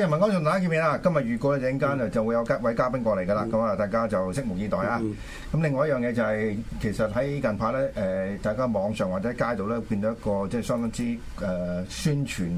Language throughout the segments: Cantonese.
人民安順大家見面啦！今日預告一陣間啊，anno, 就會有一位嘉賓過嚟噶啦，咁啊，大家就拭目以待啊！咁另外一樣嘢就係、是，其實喺近排咧，誒、嗯，大家網上或者喺街道咧，見到一個即係相當之誒、呃、宣傳誒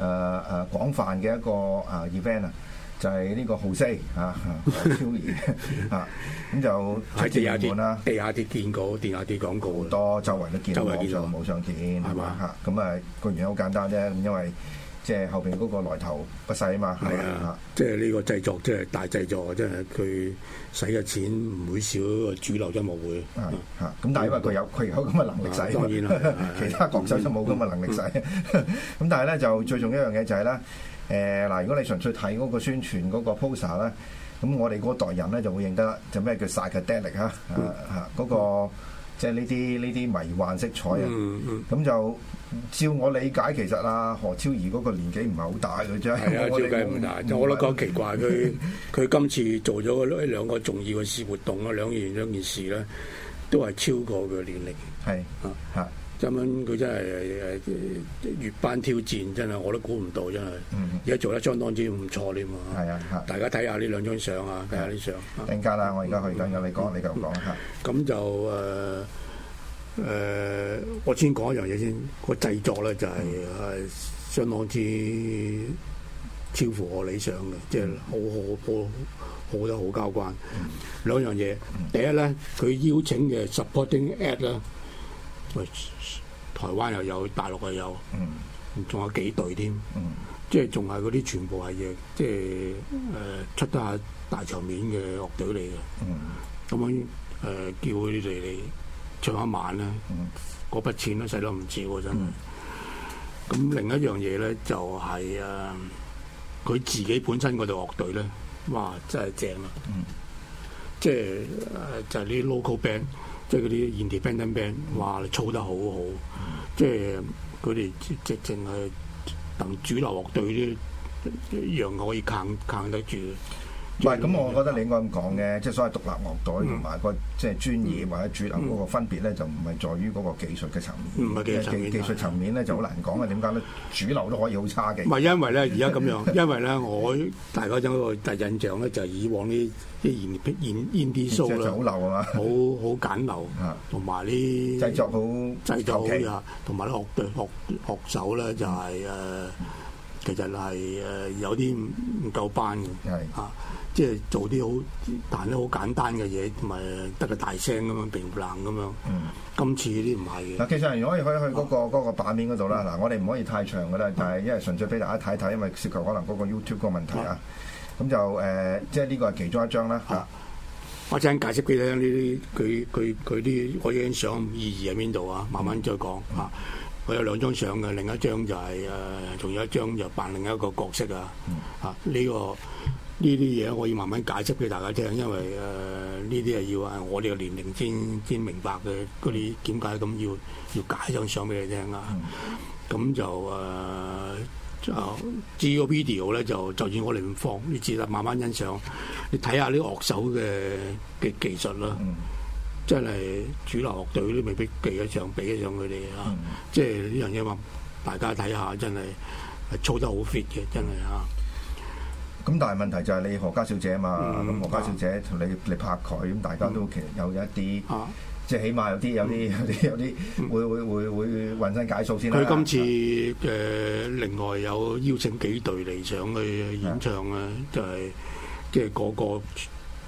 誒廣泛嘅一個啊 event 啊，就係呢個豪西啊，超然啊，咁就地下啲啦，地下啲見過，地下啲廣告多，周圍都見，網上冇上見，係嘛嚇？咁啊，個原因好簡單啫，因、啊、為。啊嗯啊嗯 Perm, 即係後邊嗰個來頭不細啊嘛，係啊！即係呢個製作，即係大製作，即係佢使嘅錢唔會少。個主流音樂會係咁、嗯、但係因為佢有佢、嗯、有咁嘅能力使，當然啦。其他國手都冇咁嘅能力使。咁、嗯嗯、但係咧就最重要一樣嘢就係咧，誒嗱，如果你純粹睇嗰個宣傳嗰個 poster 咧，咁我哋嗰代人咧就會認得啦、嗯。就咩叫《psychedelic》嚇啊嚇，嗰個即係呢啲呢啲迷幻色彩啊，咁就、嗯。嗯嗯嗯嗯照我理解，其實啊，何超儀嗰個年紀唔係好大嘅啫。係啊，照計唔大。我都覺得奇怪，佢佢今次做咗兩個重要嘅事活動啊，兩件兩件事咧，都係超過佢年齡。係啊啊！咁樣佢真係誒越班挑戰，真係我都估唔到，真係。而家做得相當之唔錯添嘛，係啊！嚇，大家睇下呢兩張相啊，睇下啲相。等間啦，我而家去以跟你講，你咁講嚇。咁就誒。誒、呃，我先講一樣嘢先。個製作咧就係、是、係、嗯、相當之超乎我理想嘅，嗯、即係好好好，好得好交關。嗯、兩樣嘢，嗯、第一咧，佢邀請嘅 supporting act 咧，台灣又有，大陸又有，仲有幾隊添、嗯，即係仲係嗰啲全部係嘢，即係誒出得下大場面嘅樂隊嚟嘅。咁樣誒，叫佢哋嚟。唱一晚咧，嗰、嗯、筆錢咧、啊，都使到唔知喎真。咁、嗯、另一樣嘢咧，就係、是、誒、啊，佢自己本身嗰隊樂隊咧，哇真係正啊！嗯、即係就係、是、啲 local band，即係嗰啲本地 band 等 band，哇你操得好好。嗯、即係佢哋直淨係同主流樂隊啲一樣可以撐撐得住。唔係咁，我覺得你應該咁講嘅，即係所謂獨立樂隊同埋個即係專業或者主流嗰個分別咧，就唔係在於嗰個技術嘅層面。唔係技術層面。技術層面咧就好難講嘅。點解咧？主流都可以好差嘅。唔係因為咧，而家咁樣。因為咧，我大家一個第一印象咧，就係以往啲即係演演演 show 啦，好流係嘛？好好簡陋，同埋啲製作好，製作好啊，同埋咧學對學學手咧就係誒，其實係誒有啲唔夠班嘅，係啊。即係做啲好扮啲好簡單嘅嘢，唔係得個大聲咁樣平撚咁樣。嗯、今次呢啲唔係嘅。嗱，其實如果可以去嗰、那個啊、個版面嗰度啦，嗱、啊啊，我哋唔可以太長嘅啦，啊、但係因為純粹俾大家睇睇，因為涉及可能嗰個 YouTube 嗰個問題啊。咁、啊、就誒、呃，即係呢個係其中一張啦。嚇、啊啊，我先解釋幾張呢啲，佢佢佢啲嗰張相意義喺邊度啊？慢慢再講嚇。我、啊啊、有兩張相嘅，另一張就係、是、誒，仲有一張就扮、是就是就是、另一個角色，個角色啊。嗯。呢個。啊啊啊啊這個呢啲嘢我要慢慢解釋俾大家聽，因為誒呢啲係要係我哋嘅年齡先先明白嘅，嗰啲點解咁要要解張相俾你聽啊？咁、嗯、就誒、呃、就至於個 video 咧，就就算我嚟唔放，你自啦慢慢欣賞，你睇下啲樂手嘅嘅技術啦、啊，嗯、真係主流樂隊都未必記得上比得上比得上佢哋啊！嗯、即係呢樣嘢話，大家睇下真係係操得好 fit 嘅，真係啊！咁但係問題就係你何家小姐啊嘛，咁、mm, 何家小姐同你你、uh, 拍佢，咁大家都其實有一啲，uh, uh, 即係起碼有啲有啲有啲，會會會會渾身解數先。佢今次誒另外有邀請幾隊嚟上去演唱啊，就係即係個個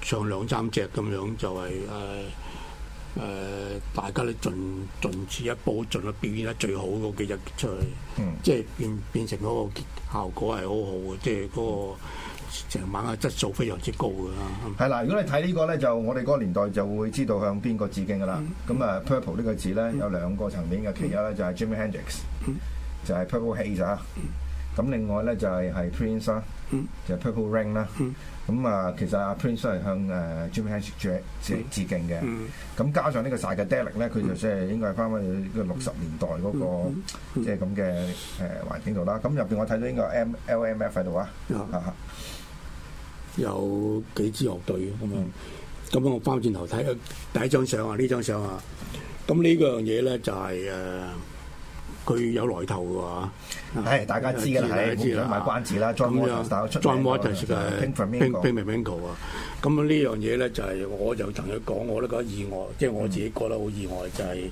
唱兩三隻咁樣、就係，就係誒誒，大家都盡盡此一波，盡力表演得最好嗰幾日出嚟，mm. 即係變變成嗰個效果係好好即係嗰個。成晚嘅質素非常之高噶啦，係啦，如果你睇呢個咧，就我哋嗰個年代就會知道向邊個致敬噶啦。咁啊，purple 呢個字咧有兩個層面嘅，其一咧就係 Jimi Hendrix，就係 purple haze 啊。咁另外咧就係係 Prince 啦，就 purple rain 啦。咁啊，其實啊 Prince 都係向誒 Jimi Hendrix 致敬嘅。咁加上呢個 psychedelic 咧，佢就即係應該係翻返去個六十年代嗰個即係咁嘅誒環境度啦。咁入邊我睇到應該係 M L M F 喺度啊啊！有幾支樂隊嘅咁樣，咁、嗯、我翻轉頭睇第一張相啊，呢張相啊，咁呢樣嘢咧就係、是、誒，佢、呃、有來頭㗎嚇。係大家知㗎係，唔想賣關子啦。咁啊，Jammy Anderson 啊，Ping Bingo 啊，咁呢樣嘢咧就係，我就同佢講，我都覺得意外，即係、嗯、我自己覺得好意外就係、是。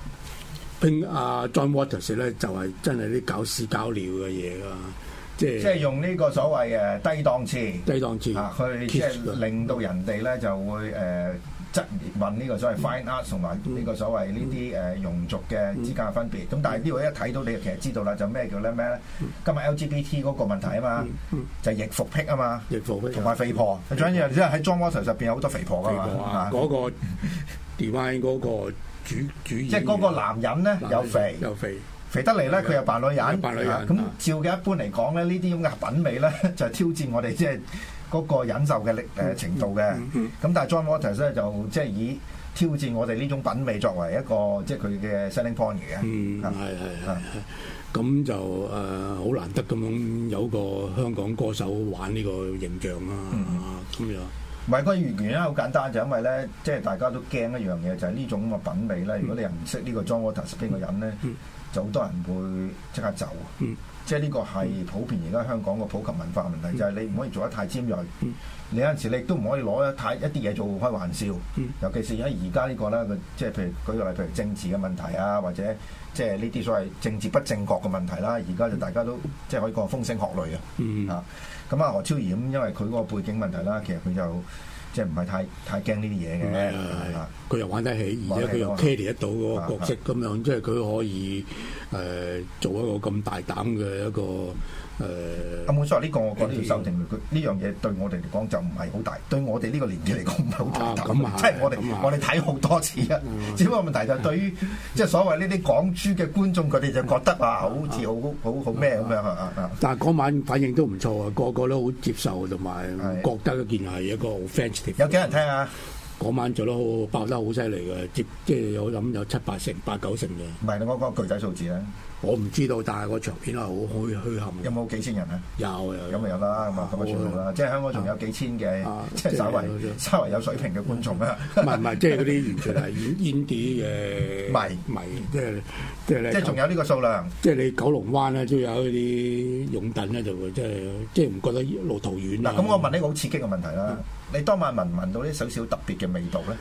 阿 John Waters 咧就係真係啲搞屎搞尿嘅嘢啊，即係即係用呢個所謂誒低檔次，低檔次去即係令到人哋咧就會誒質疑問呢個所謂 fine art 同埋呢個所謂呢啲誒庸俗嘅之間嘅分別。咁但係呢個一睇到你其實知道啦，就咩叫咧咩咧？今日 LGBT 嗰個問題啊嘛，就係逆腐癖啊嘛，逆腐癖同埋肥婆。最緊要即係喺 John Waters 上邊有好多肥婆㗎嘛，嗰個 Divine 嗰個主主即係嗰個男人咧，又肥又肥，肥得嚟咧，佢又扮女人，咁照嘅一般嚟講咧呢啲咁嘅品味咧就挑戰我哋即係嗰個忍受嘅力誒程度嘅。咁但係 John Waters 咧就即係以挑戰我哋呢種品味作為一個即係佢嘅 selling point 嘅。嗯，係係係，咁就誒好難得咁樣有個香港歌手玩呢個形象啦。咁又～唔係嗰個原因，好簡單就是、因為咧，即係大家都驚一樣嘢，就係、是、呢種咁嘅品味咧。如果你又唔識個人呢個 John Waters 邊個人咧，就好多人會即刻走。嗯、即係呢個係普遍而家香港個普及文化問題，就係、是、你唔可以做得太尖鋭。嗯、你有陣時你都唔可以攞一太一啲嘢做開玩笑。尤其是而家呢個咧，即係譬如舉個例，譬如政治嘅問題啊，或者即係呢啲所謂政治不正確嘅問題啦、啊。而家就大家都即係可以講風聲鶴唳嘅啊。嗯咁啊，何超儀咁，因為佢嗰個背景問題啦，其實佢就即係唔係太太驚呢啲嘢嘅。係啊，佢又玩得起，而且佢又 carry 得到嗰個角色咁樣，即係佢可以誒、呃、做一個咁大膽嘅一個。誒，啊所錯，呢個我覺得受定佢呢樣嘢對我哋嚟講就唔係好大，對我哋呢個年紀嚟講唔係好大膽，啊、即係我哋我哋睇好多次啊。嗯、只不過問題就對於、嗯、即係所謂呢啲港珠嘅觀眾，佢哋就覺得話、嗯啊、好似好好好咩咁、嗯、樣、啊、但係嗰晚反應都唔錯啊，個個都好接受同埋覺得嗰件係一個好 fancy。有幾人聽啊？嗰晚做得好爆得好犀利嘅，即即係有有七八成、八九成嘅。唔係，我講具體數字啊。我唔知道，但係個長片係好虛虛構有冇幾千人啊？有，咁咪有啦，咁啊，香港全啦，即係香港仲有幾千嘅、啊啊，即係稍微稍微有水平嘅觀眾啦。唔係唔係，即係嗰啲完全係煙啲嘅唔迷，啊、即係即係即係仲有呢個數量，即係你九龍灣咧都有嗰啲擁躉咧，就會即係唔覺得路途遠、啊。嗱，咁我問呢個好刺激嘅問題啦，你當晚聞唔聞到啲少少特別嘅味道咧？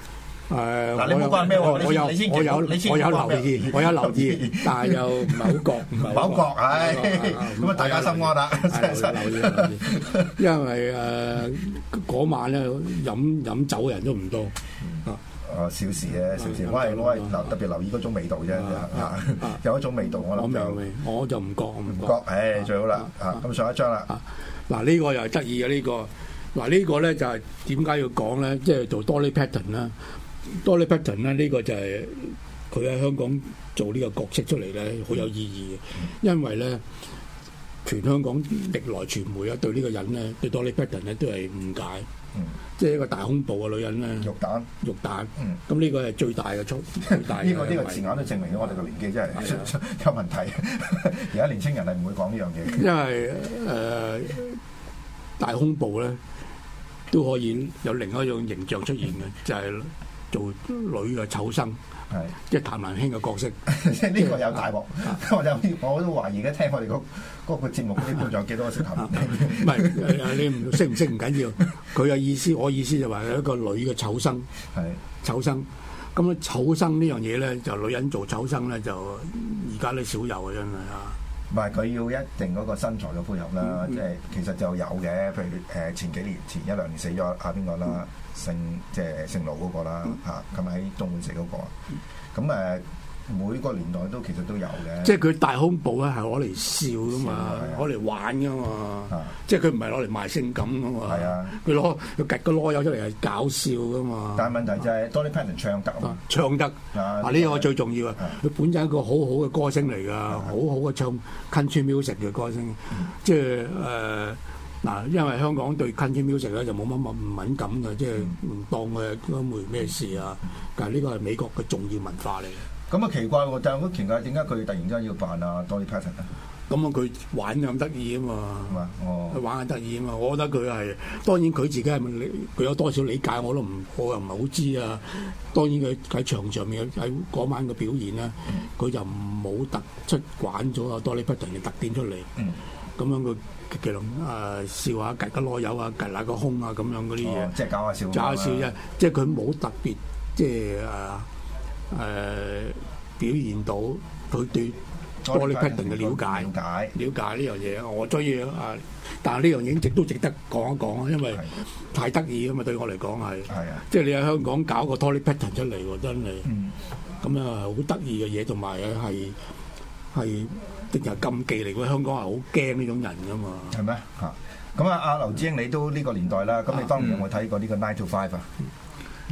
誒嗱，你冇關咩喎？我有，我有，我有留意，我有留意，但係又唔係好覺，唔係好覺，唉咁啊！大家心安啦，留留意，因為誒嗰晚咧飲飲酒嘅人都唔多啊。啊，小事咧，小事。我係我係留特別留意嗰種味道啫，有一種味道我諗就我就唔覺唔覺，唉最好啦嚇。咁上一張啦嗱，呢個又係得意嘅呢個嗱，呢個咧就係點解要講咧？即係做多啲 pattern 啦。Dolly Parton 咧，呢個就係佢喺香港做呢個角色出嚟咧，好有意義嘅。因為咧，全香港歷來傳媒咧對呢個人咧，對 Dolly Parton 咧都係誤解，嗯、即係一個大恐怖嘅女人咧。蛋肉彈，肉彈。嗯。咁呢個係最大嘅衝，呢、 這個呢個字眼都證明咗我哋嘅年紀真係有問題。而家、啊、 年輕人係唔會講呢樣嘢。因為誒、呃、大恐怖咧，都可以有另一種形象出現嘅，就係、是。 做女嘅丑生，係是即係譚蘭卿嘅角色，即係呢個有大鑊。 我有，我都懷疑而家聽我哋、那個個嗰、個節目嘅觀眾有幾多個 識頭？唔係你唔識唔識唔緊要，佢嘅意思， 我意思就話係一個女嘅丑生，係丑生。咁咧，丑生呢樣嘢咧，就女人做丑生咧，就而家咧少有啊，真係啊！唔係佢要一定嗰個身材嘅配合啦，嗯、即係其實就有嘅。譬如誒，前幾年前一兩年死咗阿邊個啦，姓，即係姓盧嗰個啦，嚇咁喺東莞死嗰個，咁誒、嗯。每個年代都其實都有嘅，即係佢大胸部咧係攞嚟笑噶嘛，攞嚟玩噶嘛，的即係佢唔係攞嚟賣性感噶嘛，佢攞佢夾個囉柚出嚟係搞笑噶嘛。但係問題就係 Dolly Parton 唱得，唱得呢個最重要啊！佢本身係一個好的好嘅歌聲嚟㗎，好好嘅唱 country music 嘅歌聲，即係誒嗱，因為香港對 country music 咧就冇乜乜唔敏感㗎，即係唔當佢，當冇咩事啊。但係呢個係美國嘅重要文化嚟。咁啊奇怪喎！但係我奇怪點解佢突然之間要扮啊 Dolly Parton 啊？咁啊佢玩就咁得意啊嘛！哦！佢玩係得意啊嘛！我覺得佢係當然佢自己係佢有多少理解我都唔我又唔係好知啊！當然佢喺場上面喺嗰晚嘅表現啦，佢就唔好突出玩咗啊 Dolly Parton 嘅特點出嚟。咁樣佢嘅咯啊笑下吉吉攞油啊吉拉個胸啊咁樣嗰啲嘢。即係搞下笑。搞下笑啫！即係佢冇特別即係啊～誒表現到佢對 polypattern 嘅瞭解，瞭解呢樣嘢，我中意啊！但係呢樣嘢一直都值得講一講啊，因為太得意啊嘛！對我嚟講係，係啊，即係你喺香港搞個 polypattern 出嚟喎，真係，嗯，咁啊好得意嘅嘢，同埋係係的確禁忌嚟㗎。香港係好驚呢種人㗎嘛，係咩？嚇！咁啊，阿盧子英你都呢個年代啦，咁你當然有冇睇過呢個 nine to five 啊。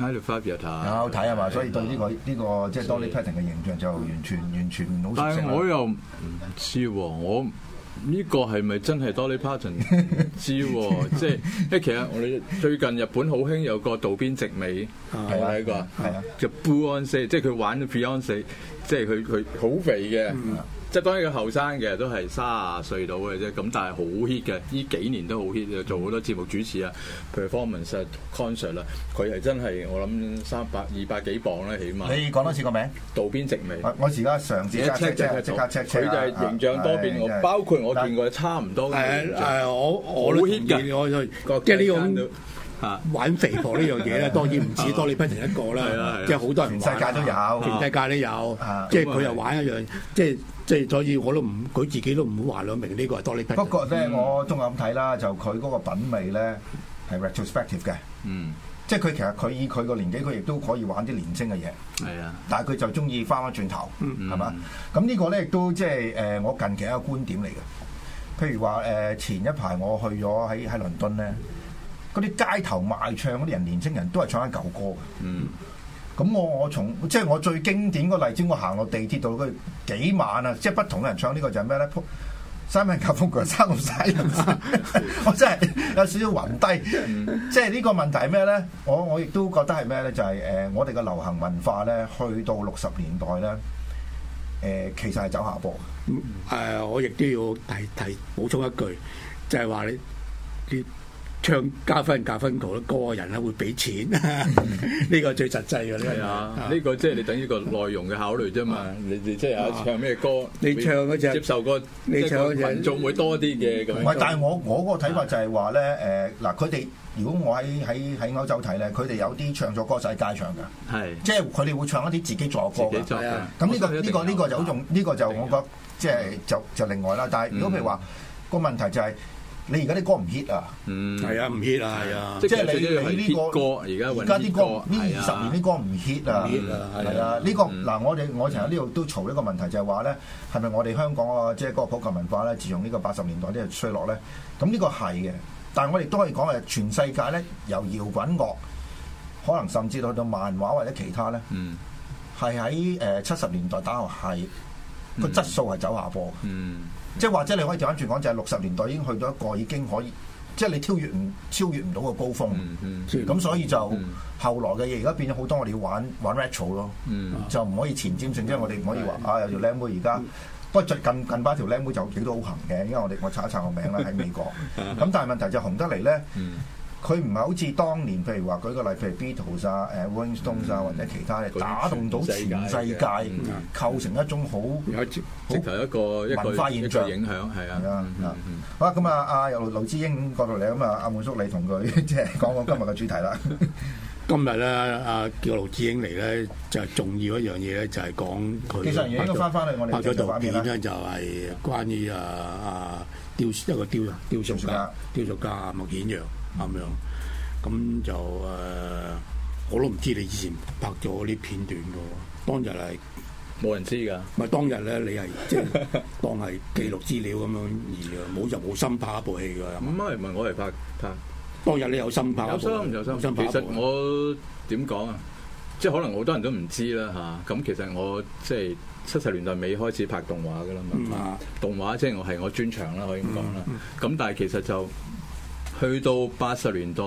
I l o five 睇有嘛，所以對呢、這個呢、這個即係 Dolly Parton 嘅形象就完全但是 完全唔好。但係我又唔知喎，我呢個係咪真係 Dolly Parton？ 唔知喎、哦，即係即係其實我哋最近日本好興有個渡邊直美，有睇過？係啊，就 Beyoncé 即係佢玩 Beyoncé 即係佢佢好肥嘅。即係當佢後生嘅都係卅歲到嘅啫，咁但係好 hit 嘅，呢幾年都好 hit 啊，做好多節目主持啊，performance concert 啦，佢係真係我諗三百二百幾磅啦，起碼。你講多次個名？道邊直眉。我而家常字。赤赤。即刻赤。佢就係形象多變嘅，包括我見過差唔多嘅形象。我我都 hit 嘅，玩肥婆呢樣嘢咧，當然唔止多利賓人一個啦，即係好多人全世界都有，全世界都有，即係佢又玩一樣，即係即係，所以我都唔，佢自己都唔會話兩明呢個係多利賓。不過咧，我中咁睇啦，就佢嗰個品味咧係 retrospective 嘅，嗯，即係佢其實佢以佢個年紀，佢亦都可以玩啲年輕嘅嘢，係啊，但係佢就中意翻一轉頭，嗯係嘛？咁呢個咧亦都即係誒，我近期一個觀點嚟嘅。譬如話誒，前一排我去咗喺喺倫敦咧。嗰啲街頭賣唱嗰啲人，年輕人都係唱緊舊歌。嗯，咁我我從即係我最經典個例子，我行落地鐵度，佢幾晚啊！即係不同嘅人唱呢個就係咩咧？三文教風佢三唔晒、啊， 我真係有少少暈低。 即係呢個問題係咩咧？我我亦都覺得係咩咧？就係、是、誒、呃，我哋嘅流行文化咧，去到六十年代咧，誒、呃，其實係走下坡。誒、嗯嗯呃，我亦都要提提補充一句，就係、是、話你唱加分加分稿歌人咧會俾錢，呢個最實際嘅。呢個呢個即係你等於個內容嘅考慮啫嘛。你哋即係唱咩歌？你唱嗰隻接受歌，你唱嗰隻，羣眾會多啲嘅咁。唔係，但係我我嗰個睇法就係話咧，誒嗱，佢哋如果我喺喺喺歐洲睇咧，佢哋有啲唱作歌手喺街唱㗎，係即係佢哋會唱一啲自己作歌嘅。咁呢個呢個呢個就好重，呢個就我覺得即係就就另外啦。但係如果譬如話個問題就係。你而家啲歌唔 hit 啊？嗯，係啊，唔 hit 啊，係啊。即係你你、這、呢個歌而家而家啲歌呢二十年啲歌唔 hit 啊 hit 啊，呢、啊啊、個嗱，我哋我成日呢度都嘈呢個問題就係話咧，係咪我哋香港啊，即係嗰個普及文化咧，自從呢個八十年代呢啲衰落咧，咁呢個係嘅。但係我哋都可以講係全世界咧，由搖滾樂，可能甚至到到漫畫或者其他咧，係喺誒七十年代打落係個質素係走下坡嘅。嗯嗯嗯即係或者你可以就反轉講，就係六十年代已經去到一個已經可以，即係你越超越唔超越唔到個高峰。咁、嗯嗯、所以就、嗯、後來嘅嘢，而家變咗好多。我哋要玩玩 retro 咯，嗯、就唔可以前瞻性，即係、嗯、我哋唔可以話、嗯、啊。有條靚妹而家、嗯、不過最近近排條靚妹就幾都好行嘅，因為我哋我查一查個名啦喺 美國。咁但係問題就紅得嚟咧。嗯佢唔係好似當年，譬如話舉個例，譬如 Beatles 啊、誒 w i n g s o n d s 啊或者其他咧，打動到全世界，構成一種好好一個文化現象。嗯就是、世界啊！好啦，咁啊，阿由盧子英角度嚟，咁啊，阿滿叔你同佢即係講講今日嘅主題啦。今日咧，阿叫盧子英嚟咧，就係、是、重要一樣嘢咧，就係講佢。其實應該翻翻去我哋。拍咗導片咧，就係關於啊啊，啊，啊雕一個雕雕塑家，啊、雕塑、啊啊、家麥顯楊。咁樣，咁就誒，我都唔知你以前拍咗啲片段噶喎。當日係冇人知噶。咪 當日咧，你係即係當係記錄資料咁樣而冇就冇心拍一部戲㗎。咁啊？唔係我嚟拍，拍當日你有心拍有心。有心唔有心？其實我點講啊？即係可能好多人都唔知啦吓。咁其實我即係七十年代尾開始拍動畫噶啦嘛。動畫即係我係我專長啦，嗯、可以咁講啦。咁但係其實就。Mm. 去到八十年代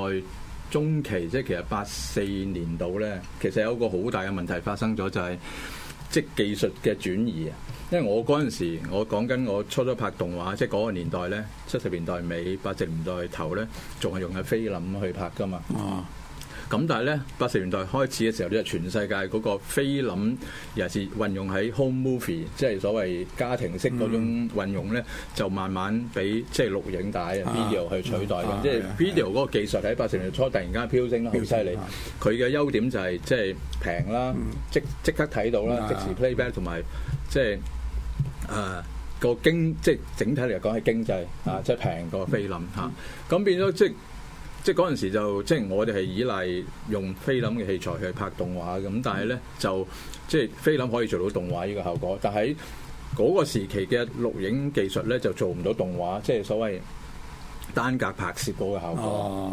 中期，即係其實八四年度咧，其實有個好大嘅問題發生咗，就係即係技術嘅轉移啊。因為我嗰陣時，我講緊我初初拍動畫，即係嗰個年代咧，七十年代尾、八十年代頭咧，仲係用嘅菲林去拍㗎嘛。啊。咁但係咧，八十年代開始嘅時候，咧全世界嗰個菲林尤其是運用喺 home movie，即係所謂家庭式嗰種運用咧，嗯、就慢慢俾即係錄影帶、啊、video 去取代咁，啊、即係 video 嗰個技術喺八十年代初突然間飆升咯，好犀利。佢嘅、啊、優點就係即係平啦，即、嗯、即，即刻睇到啦、嗯，即時 playback 同埋即係啊、嗰個經，即係整體嚟講係經濟啊，即係平過菲林嚇。咁變咗即係。即即即即即係嗰陣時就即係我哋係依賴用菲林嘅器材去拍動畫嘅，咁但係咧就即係菲林可以做到動畫呢個效果，但喺嗰個時期嘅錄影技術咧就做唔到動畫，即係所謂單格拍攝嗰個效果。Oh.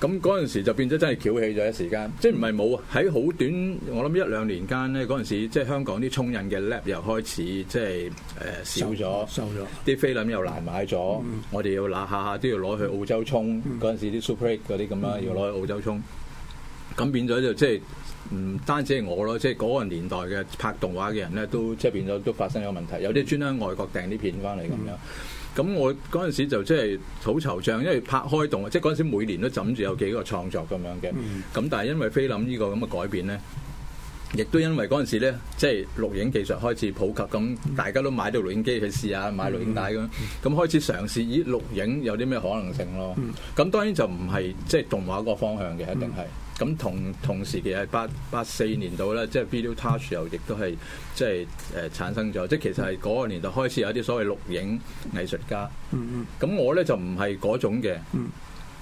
咁嗰陣時就變咗真係翹起咗一時間，嗯、即係唔係冇啊？喺好短，我諗一兩年間咧，嗰陣時即係香港啲沖印嘅 lab 又開始即係誒、呃、少咗，收咗了，啲菲林又難買咗。嗯、我哋要嗱下下都要攞去澳洲沖，嗰陣、嗯、時啲 supreme 嗰啲咁樣、嗯、要攞去澳洲沖，咁變咗就即係唔、嗯、單止係我咯，即係嗰個年代嘅拍動畫嘅人咧，都、嗯、即係變咗都發生咗問題，有啲專登喺外國訂啲片翻嚟咁樣。嗯嗯。咁我嗰陣時就即係好惆悵，因為拍開動即係嗰陣時每年都枕住有幾個創作咁樣嘅，咁但係因為菲林呢個咁嘅改變咧，亦都因為嗰陣時咧即係錄影技術開始普及，咁大家都買到錄影機去試下，買錄影帶咁，咁開始嘗試咦錄影有啲咩可能性咯。咁當然就唔係即係動畫個方向嘅，一定係。咁同同時嘅喺八八四年度咧，即係 video touch 又亦都係即係誒產生咗，即係其實係嗰個年代開始有一啲所謂錄影藝術家。嗯嗯，咁我咧就唔係嗰種嘅。嗯，嗯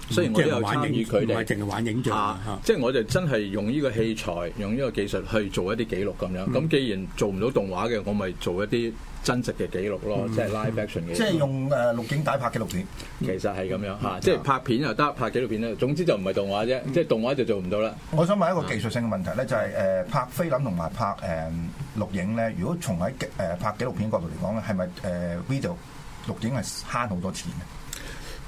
雖然我都有參與佢哋，唔係淨係玩影像，啊啊、即係我就真係用呢個器材，用呢個技術去做一啲記錄咁樣。咁、嗯、既然做唔到動畫嘅，我咪做一啲。真實嘅記錄咯，即係 live action 嘅。即係用誒錄影帶拍嘅錄片，嗯、其實係咁樣嚇，嗯、即係拍片又得，拍紀錄片咧，總之就唔係動畫啫，嗯、即係動畫就做唔到啦。我想問一個技術性嘅問題咧，就係、是、誒、呃、拍菲林同埋拍誒、呃、錄影咧，如果從喺誒、呃、拍紀錄片角度嚟講咧，係咪誒 video 錄影係慳好多錢咧？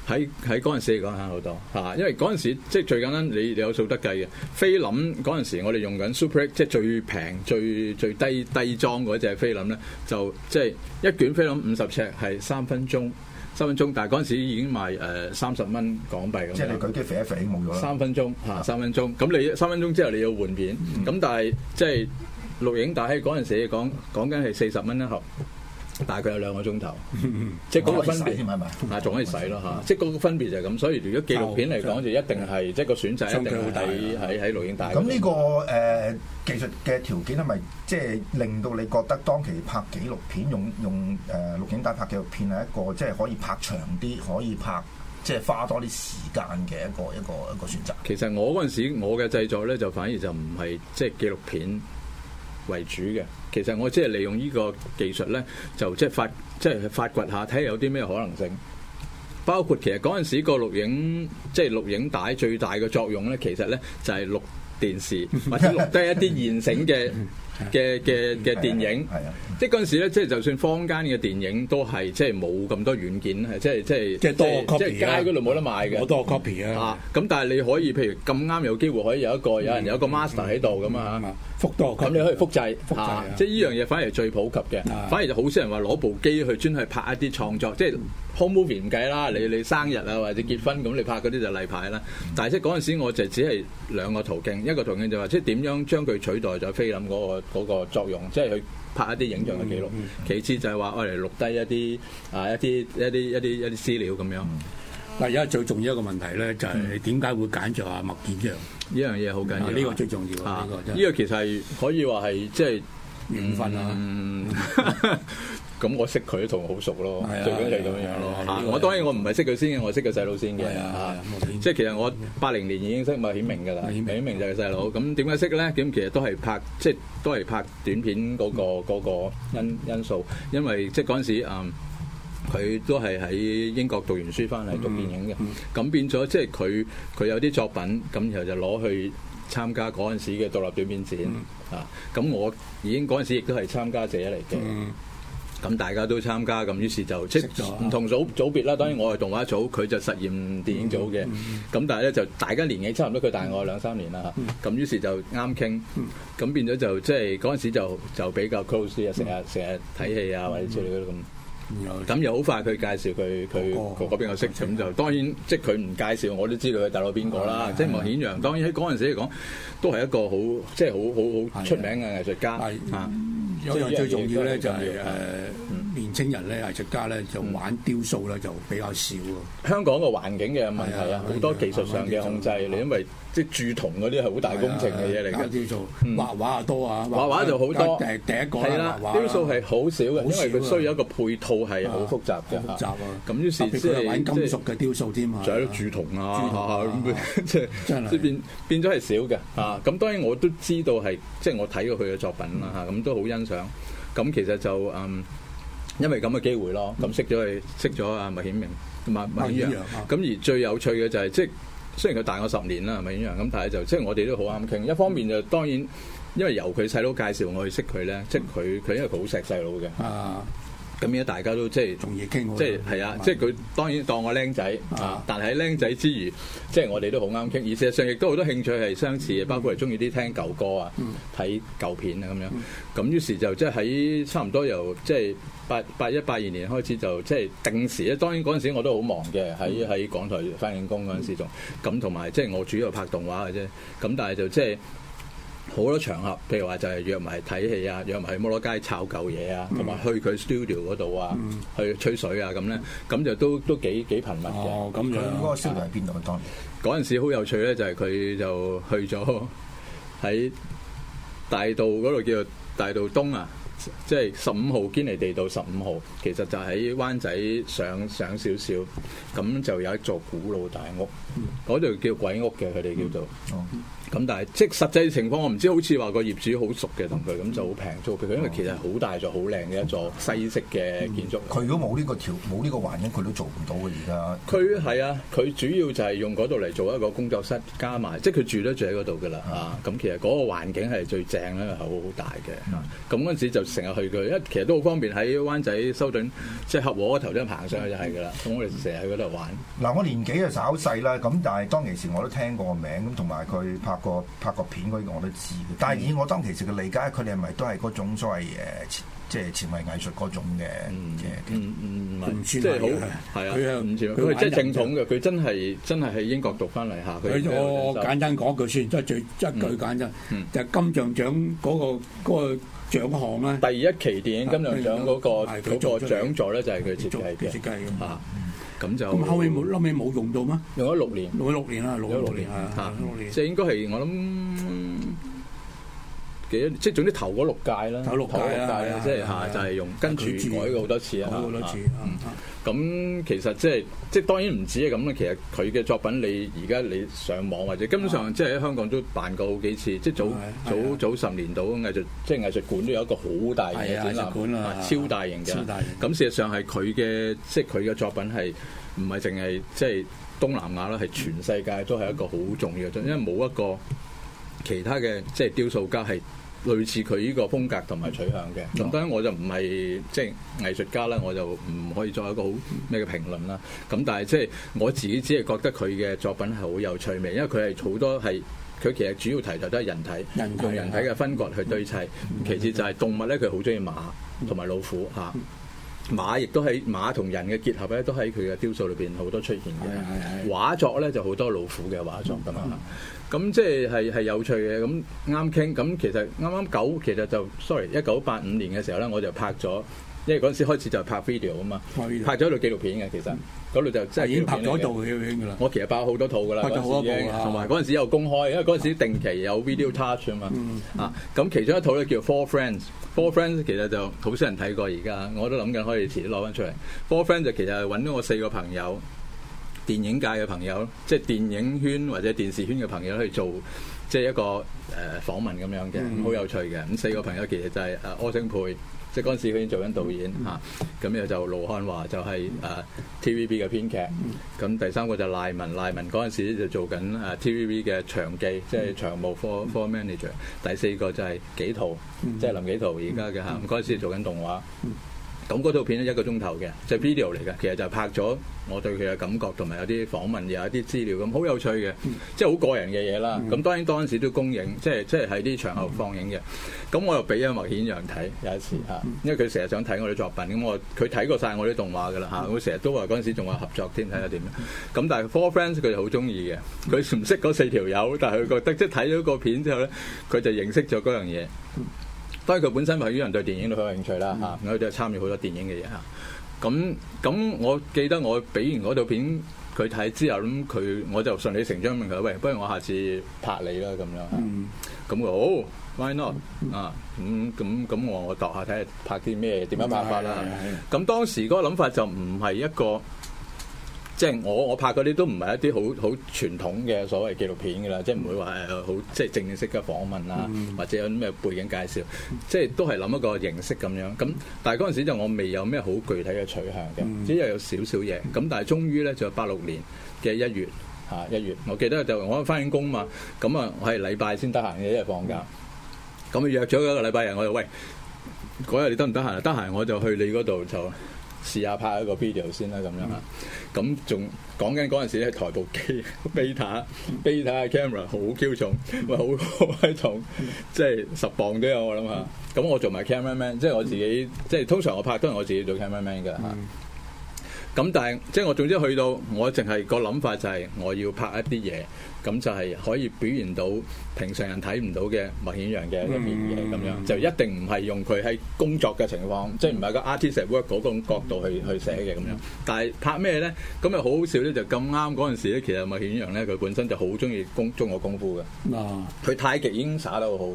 喺喺嗰陣時講下好多嚇、啊，因為嗰陣時即係最簡單，你你有數得計嘅 菲林嗰陣時我，我哋用緊 Super 8即係最平、最最低低裝嗰隻菲林咧，就即係、就是、一卷菲林五十尺係三分鐘、啊，三分鐘，但係嗰陣時已經賣誒三十蚊港幣咁。即係你舉機肥一肥，冇咗三分鐘嚇，三分鐘，咁你三分鐘之後你要換片，咁、嗯嗯、但係即係錄影，但係嗰陣時講講緊係四十蚊一盒。大概有兩個鐘頭， 即係嗰個分別，係咪啊，仲可以使咯嚇，即係嗰個分別就係咁。所以如果紀錄片嚟講，就一定係即係個選擇，一定係第喺喺錄影帶。咁呢、嗯這個誒、呃、技術嘅條件係咪即係令到你覺得當期拍紀錄片用用誒、呃、錄影帶拍紀錄片係一個即係、就是、可以拍長啲，可以拍即係、就是、花多啲時間嘅一個一個一個,一個選擇？其實我嗰陣時我嘅製作咧就反而就唔係即係紀錄片為主嘅。其實我即係利用呢個技術呢，就即係發即係發掘下，睇下有啲咩可能性。包括其實嗰陣時個錄影，即係錄影帶最大嘅作用呢，其實呢就係錄電視或者錄低一啲現成嘅。嘅嘅嘅電影，即嗰陣時咧，即係就算坊間嘅電影都係即係冇咁多軟件咧，即係即係即係街嗰度冇得賣嘅。好多 copy 啊！咁但係你可以譬如咁啱有機會可以有一個有人有一個 master 喺度咁啊嘛，複製咁你可以複製，即係呢樣嘢反而係最普及嘅，反而就好少人話攞部機去專去拍一啲創作，即係 home movie 唔計啦，你你生日啊或者結婚咁你拍嗰啲就例牌啦。但係即係嗰陣時我就只係兩個途徑，一個途徑就話即係點樣將佢取代咗菲林嗰個。嗰個作用，即係去拍一啲影像嘅記錄，嗯嗯、其次就係話，我嚟錄低一啲啊一啲一啲一啲一啲資料咁樣、嗯。嗱，而家最重要一個問題咧、啊，就係點解會揀做阿麥顯楊？呢樣嘢好緊要。呢、啊呢個最重要啊，呢個呢、啊呢個其實係可以話係即係緣分啦、啊嗯。 咁我識佢都同我好熟咯，最緊要係咁樣咯。我當然我唔係識佢先嘅，我識佢細佬先嘅。即係其實我八零年已經識麥顯明嘅啦。顯明就係佢細佬。咁點解識咧？咁其實都係拍，即係都係拍短片嗰個因因素。因為即係嗰陣時，佢都係喺英國讀完書翻嚟讀電影嘅。咁變咗即係佢佢有啲作品，咁然後就攞去參加嗰陣時嘅獨立短片展。啊，咁我已經嗰陣時亦都係參加者嚟嘅。咁大家都參加，咁於是就即係唔同組組別啦。當然我係動畫組，佢就實驗電影組嘅。咁但係咧就大家年紀差唔多，佢大我兩三年啦嚇。咁於是就啱傾，咁變咗就即係嗰陣時就就比較 close 啲啊，成日成日睇戲啊或者之類嗰啲咁。咁又好快佢介紹佢佢佢嗰邊嘅識，咁就當然即係佢唔介紹，我都知道佢大佬邊個啦。即係麥顯楊，當然喺嗰陣時嚟講都係一個好即係好好好出名嘅藝術家啊。一樣最重要咧就係誒年青人咧藝術家咧就玩雕塑咧就比較少。香港個環境嘅問題啊，好多技術上嘅控制你因為鑄銅嗰啲係好大工程嘅嘢嚟嘅。雕塑畫畫啊多啊，畫畫就好多。第一個啦，雕塑係好少嘅，因為佢需要一個配套係好複雜嘅。複雜啊！咁於是啊，先係玩金屬嘅雕塑添嘛，仲有鑄銅啊。係即係即係變變咗係少嘅啊！咁當然我都知道係即係我睇過佢嘅作品啦嚇，咁都好欣。咁其實就嗯，因為咁嘅機會咯，咁、嗯、識咗佢，識咗阿麥顯明，麥麥顯楊，咁、嗯、而最有趣嘅就係、是，即係雖然佢大我十年啦，麥顯楊，咁但係就即係我哋都好啱傾。嗯、一方面就當然，因為由佢細佬介紹我去識佢咧，即係佢佢因為佢好錫細佬嘅。啊嗯咁依家大家都即係仲易傾，即係係啊，即係佢當然當我僆仔啊，但係喺僆仔之餘，即係我哋都好啱傾，而事實上亦都好多興趣係相似嘅，包括係中意啲聽舊歌啊、睇舊片啊咁樣。咁於是就即係喺差唔多由即係八八一八二年開始就即係定時咧。當然嗰陣時我都好忙嘅，喺喺港台返緊工嗰陣時仲咁，同埋即係我主要拍動畫嘅啫。咁但係就即係。好多場合，譬如話就係約埋睇戲啊，約埋去摩羅街炒舊嘢啊，同埋、嗯、去佢 studio 嗰度啊，嗯、去吹水啊咁咧，咁就都都幾幾頻密嘅。哦，咁樣。佢嗰個 studio 喺邊度啊？當年嗰陣時好有趣咧，就係佢就去咗喺大道嗰度，叫做大道東啊。即係十五號堅尼地道十五號，其實就喺灣仔上上少少，咁就有一座古老大屋，嗰度、嗯、叫鬼屋嘅，佢哋叫做。咁、嗯、但係即係實際情況，我唔知，好似話個業主好熟嘅同佢，咁、嗯、就好平租俾佢，因為其實係好大座、好靚嘅一座西式嘅建築。佢、嗯、如果冇呢個條冇呢個環境，佢都做唔到嘅。而家佢係啊，佢他、嗯、主要就係用嗰度嚟做一個工作室加埋，即係佢住都住喺嗰度㗎啦。啊，咁其實嗰個環境係最正咧，係好好大嘅。咁嗰陣時就。嗯嗯成日去佢，因為其實都好方便喺灣仔修頓，即係合和嗰頭都行上去就係噶啦。咁我哋成日去嗰度玩。嗱，我年紀又稍細啦，咁但係當其時我都聽過個名，咁同埋佢拍過拍過片嗰啲我都知。但係以我當其時嘅理解，佢哋係咪都係嗰種所謂誒，即係前衞藝術嗰種嘅？嗯嗯嗯，唔算係嘅。係啊，佢係唔算，佢係即係正統嘅。佢真係真係喺英國讀翻嚟。佢我簡單講句先，即係最一句簡單，就係金像獎嗰個嗰個。獎項咧，第一期電影金像獎嗰、那個嗰個獎座咧，就係佢設計嘅嚇，咁、嗯、就咁後尾冇，後尾冇用到咩？用咗六年，用咗六年啦，用咗六年嚇，即係、嗯、應該係我諗。幾即係總之頭嗰六屆啦，頭六屆啦，即係嚇就係用跟住改過好多次啊，好多次。咁其實即係即係當然唔止啊咁啦。其實佢嘅作品，你而家你上網或者根本上即係喺香港都辦過好幾次。即係早早早十年度藝術，即係藝術館都有一個好大嘅藝術館啦，超大型嘅。咁事實上係佢嘅，即係佢嘅作品係唔係淨係即係東南亞啦，係全世界都係一個好重要嘅，因為冇一個，其他嘅即係雕塑家係類似佢呢個風格同埋取向嘅。咁當然我就唔係即係藝術家啦，我就唔可以作一個好咩嘅評論啦。咁但係即係我自己只係覺得佢嘅作品係好有趣味，因為佢係好多係佢其實主要題材都係人體，人體啊、用人體嘅分割去對砌。嗯、其次就係動物咧，佢好中意馬同埋老虎嚇、啊。馬亦都係馬同人嘅結合咧，都喺佢嘅雕塑裏邊好多出現嘅。畫作咧就好多老虎嘅畫作噶嘛。啊啊咁即係係係有趣嘅，咁啱傾。咁其實啱啱九，其實就 sorry，一九八五年嘅時候咧，我就拍咗，因為嗰陣時開始就拍 video 啊嘛，拍咗一套紀錄片嘅。其實嗰度就即係已經拍咗一套嘅啦。我其實拍咗好多套嘅啦，拍咗好多部啊。同埋嗰陣時又公開，因為嗰陣時定期有 video touch 啊嘛。嗯嗯、啊，咁其中一套咧叫 Four Friends，Four Friends 其實就好少人睇過。而家我都諗緊可以遲啲攞翻出嚟。Four Friends 就其實揾咗我四個朋友。電影界嘅朋友，即係電影圈或者電視圈嘅朋友去做，即係一個誒、呃、訪問咁樣嘅，好有趣嘅。咁四個朋友其實就係誒，柯星佩，即係嗰陣時佢已經做緊導演嚇，咁、嗯嗯、又就盧漢華就係、是、誒、呃、TVB 嘅編劇，咁、嗯、第三個就賴文，賴文嗰陣時就做緊誒 TVB 嘅場記，嗯、即係場務 floor manager，第四個就係紀陶，嗯嗯、即係林紀陶，而家嘅嚇，嗰陣時做緊動畫。嗯嗯嗯嗯嗯咁嗰套片一個鐘頭嘅，就係、video 嚟嘅，其實就拍咗我對佢嘅感覺同埋有啲訪問，又有啲資料咁，好有趣嘅，即係好個人嘅嘢啦。咁、嗯、當然嗰陣時都公映，嗯、即係即係喺啲場後放映嘅。咁、嗯、我又俾麥顯楊睇有一次嚇，嗯、因為佢成日想睇我啲作品，咁我佢睇過晒我啲動畫噶啦嚇，咁成日都話嗰陣時仲有合作添，睇下點。咁但係 Four Friends 佢就好中意嘅，佢唔識嗰四條友，但係佢覺得即係睇咗個片之後咧，佢就認識咗嗰樣嘢。嗯因為佢本身係於人對電影都好有興趣啦嚇，咁佢、嗯、就參與好多電影嘅嘢嚇。咁、嗯、咁，嗯、我記得我俾完嗰套片佢睇之後咁，佢我就順理成章問佢：喂，不如我下次拍你啦咁樣。咁佢、嗯、好，Why not？啊、嗯，咁咁咁，我我度下睇下拍啲咩點樣辦法啦。咁當時嗰個諗法就唔係一個。即係我我拍嗰啲都唔係一啲好好傳統嘅所謂紀錄片㗎啦，即係唔會話誒好即係正式嘅訪問啦，或者有咩背景介紹，即係都係諗一個形式咁樣。咁但係嗰陣時就我未有咩好具體嘅取向嘅，即係有少少嘢。咁但係終於咧就八六年嘅一月嚇一月，啊、一月我記得就我翻緊工嘛，咁啊我係禮拜先得閒嘅一日放假，咁啊、嗯、約咗一個禮拜日，我就：喂「喂嗰日你得唔得閒？得閒我就去你嗰度就試下拍一個 video 先啦、啊、咁樣嚇。嗯咁仲講緊嗰陣時咧，台 部機 beta，beta 嘅 camera 好 Q 重，咪好好重，即係十磅都有我諗下，咁我做埋 camera man，即係我自己，即係通常我拍都係我自己做 camera man 嘅嚇。咁 但係即係我總之去到，我淨係個諗法就係我要拍一啲嘢。咁就係可以表現到平常人睇唔到嘅麥顯楊嘅一面嘢，咁樣就一定唔係用佢喺工作嘅情況，即係唔係個 artist work 嗰個角度去去寫嘅咁樣但。但係拍咩咧？咁又好好笑咧！就咁啱嗰陣時咧，其實麥顯楊咧佢本身就好中意功中國功夫嘅，佢太極已經耍得好好，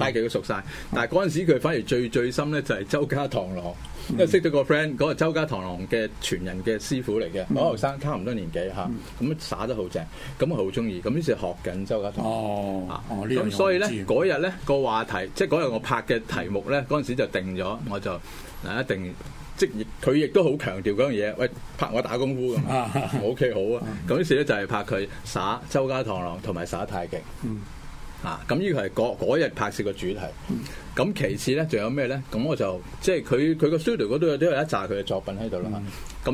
太極都熟晒。但係嗰陣時佢反而最最深咧就係周家螳螂，因為識到個 friend 嗰個周家螳螂嘅傳人嘅師傅嚟嘅，老劉生差唔多年紀嚇，咁耍得好正，咁佢好中意。咁於是學緊周家螳螂、哦、 啊！咁所以咧嗰日咧個話題，即係嗰日我拍嘅題目咧，嗰陣時就定咗，我就嗱一定，即係佢亦都好強調嗰樣嘢，喂拍我打功夫咁，我、 啊、OK 好啊！咁於 是咧就係拍佢耍周家螳螂同埋耍太極， 啊！咁依個係嗰日拍攝嘅主題。咁其次咧，仲有咩咧？咁我就即係佢佢個 studio 嗰度都有一紮佢嘅作品喺度啦。咁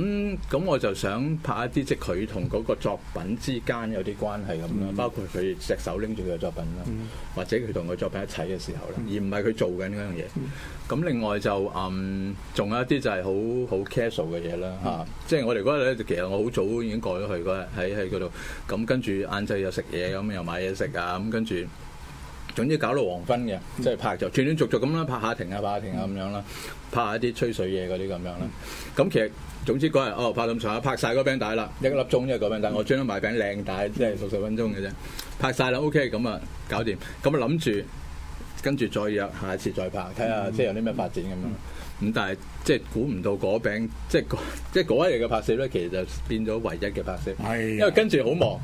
咁、嗯、我就想拍一啲即係佢同嗰個作品之間有啲關係咁啦，嗯、包括佢隻手拎住佢嘅作品啦，嗯、或者佢同佢作品一齊嘅時候啦，嗯、而唔係佢做緊嗰樣嘢。咁、嗯、另外就嗯，仲有一啲就係好好 casual 嘅嘢啦。嗯、啊，即係我哋嗰日咧，其實我好早已經過咗去嗰日喺喺嗰度。咁跟住晏晝又食嘢，咁又買嘢食啊，咁跟住。總之搞到黃昏嘅，即係拍就斷斷續續咁啦，拍下停下，拍下停下咁樣啦，拍下一啲吹水嘢嗰啲咁樣啦。咁其實總之嗰日哦拍咁長，拍晒嗰餅帶啦，一粒鐘一個餅帶，我專登買餅靚帶，即係數十分鐘嘅啫，拍晒啦，OK，咁啊搞掂，咁啊諗住跟住再約下一次再拍，睇下即係有啲咩發展咁咯。咁但係即係估唔到嗰餅，即係即係嗰一日嘅拍攝咧，其實就變咗唯一嘅拍攝，因為跟住好忙。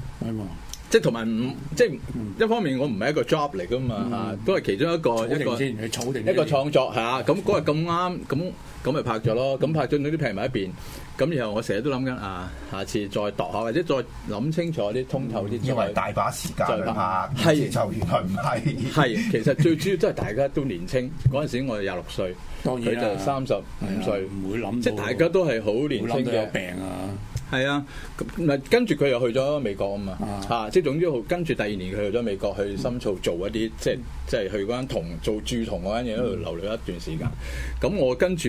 即係同埋，即係一方面，我唔係一個 job 嚟㗎嘛，都係其中一個一個一個創作吓。咁嗰日咁啱，咁咁咪拍咗咯。咁拍咗嗰啲片埋一邊，咁然後我成日都諗緊啊，下次再度下，或者再諗清楚啲通透啲。因為大把時間啦，係就原來唔係。係其實最主要都係大家都年青嗰陣時，我哋廿六歲，佢就三十五歲，唔會諗。即係大家都係好年青嘅病啊。係啊，唔係跟住佢又去咗美國啊嘛，啊，即係、啊、總之好跟住第二年佢去咗美國去深造做一啲、嗯、即係即係去嗰間銅做鑄銅嗰間嘢喺度留咗一段時間，咁、嗯、我跟住、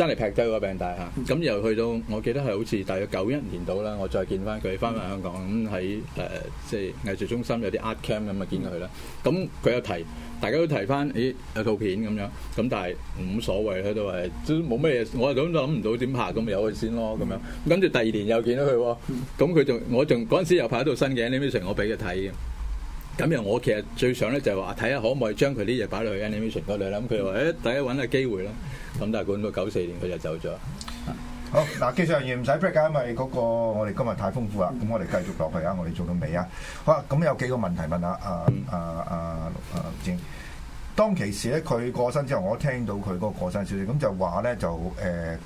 真係劈低個病大嚇，咁又去到，我記得係好似大約九一年度啦，我再見翻佢，翻返香港咁喺誒即係藝術中心有啲 art cam 咁啊見到佢啦。咁佢、嗯、又提，大家都提翻，咦有套片咁樣，咁但係冇所謂啦，都係都冇咩嘢，我係諗都諗唔到點拍，咁咪由佢先咯，咁、嗯、樣。跟住第二年又見到佢喎，咁佢仲我仲嗰陣時又拍一套新嘅 animation，我俾佢睇嘅。咁然後我其實最想咧就係話睇下可唔可以將佢啲嘢擺落去 animation 嗰度啦。咁佢話誒，第、哎、一揾下機會啦。咁但係管到九四年佢就走咗。好嗱，技術人員唔使 break 㗎，因為嗰個我哋今日太豐富啦。咁我哋繼續落去啊，我哋做到尾啊。好啊，咁有幾個問題問下阿阿阿阿盧正。當其時咧，佢過身之後，我聽到佢嗰個過身消息，咁就話咧就誒，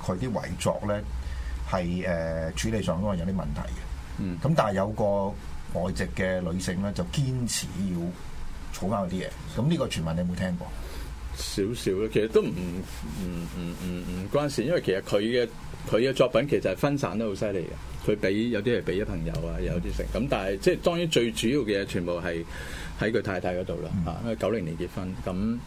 佢啲遺作咧係誒處理上都係有啲問題嘅。嗯。咁但係有個外籍嘅女性咧，就堅持要儲翻啲嘢。咁呢個傳聞你有冇聽過？少少啦，其實都唔唔唔唔唔關事，因為其實佢嘅佢嘅作品其實係分散得好犀利嘅，佢俾有啲係俾咗朋友啊，有啲剩，咁但係即係當然最主要嘅全部係喺佢太太嗰度啦嚇，因為九零年結婚咁。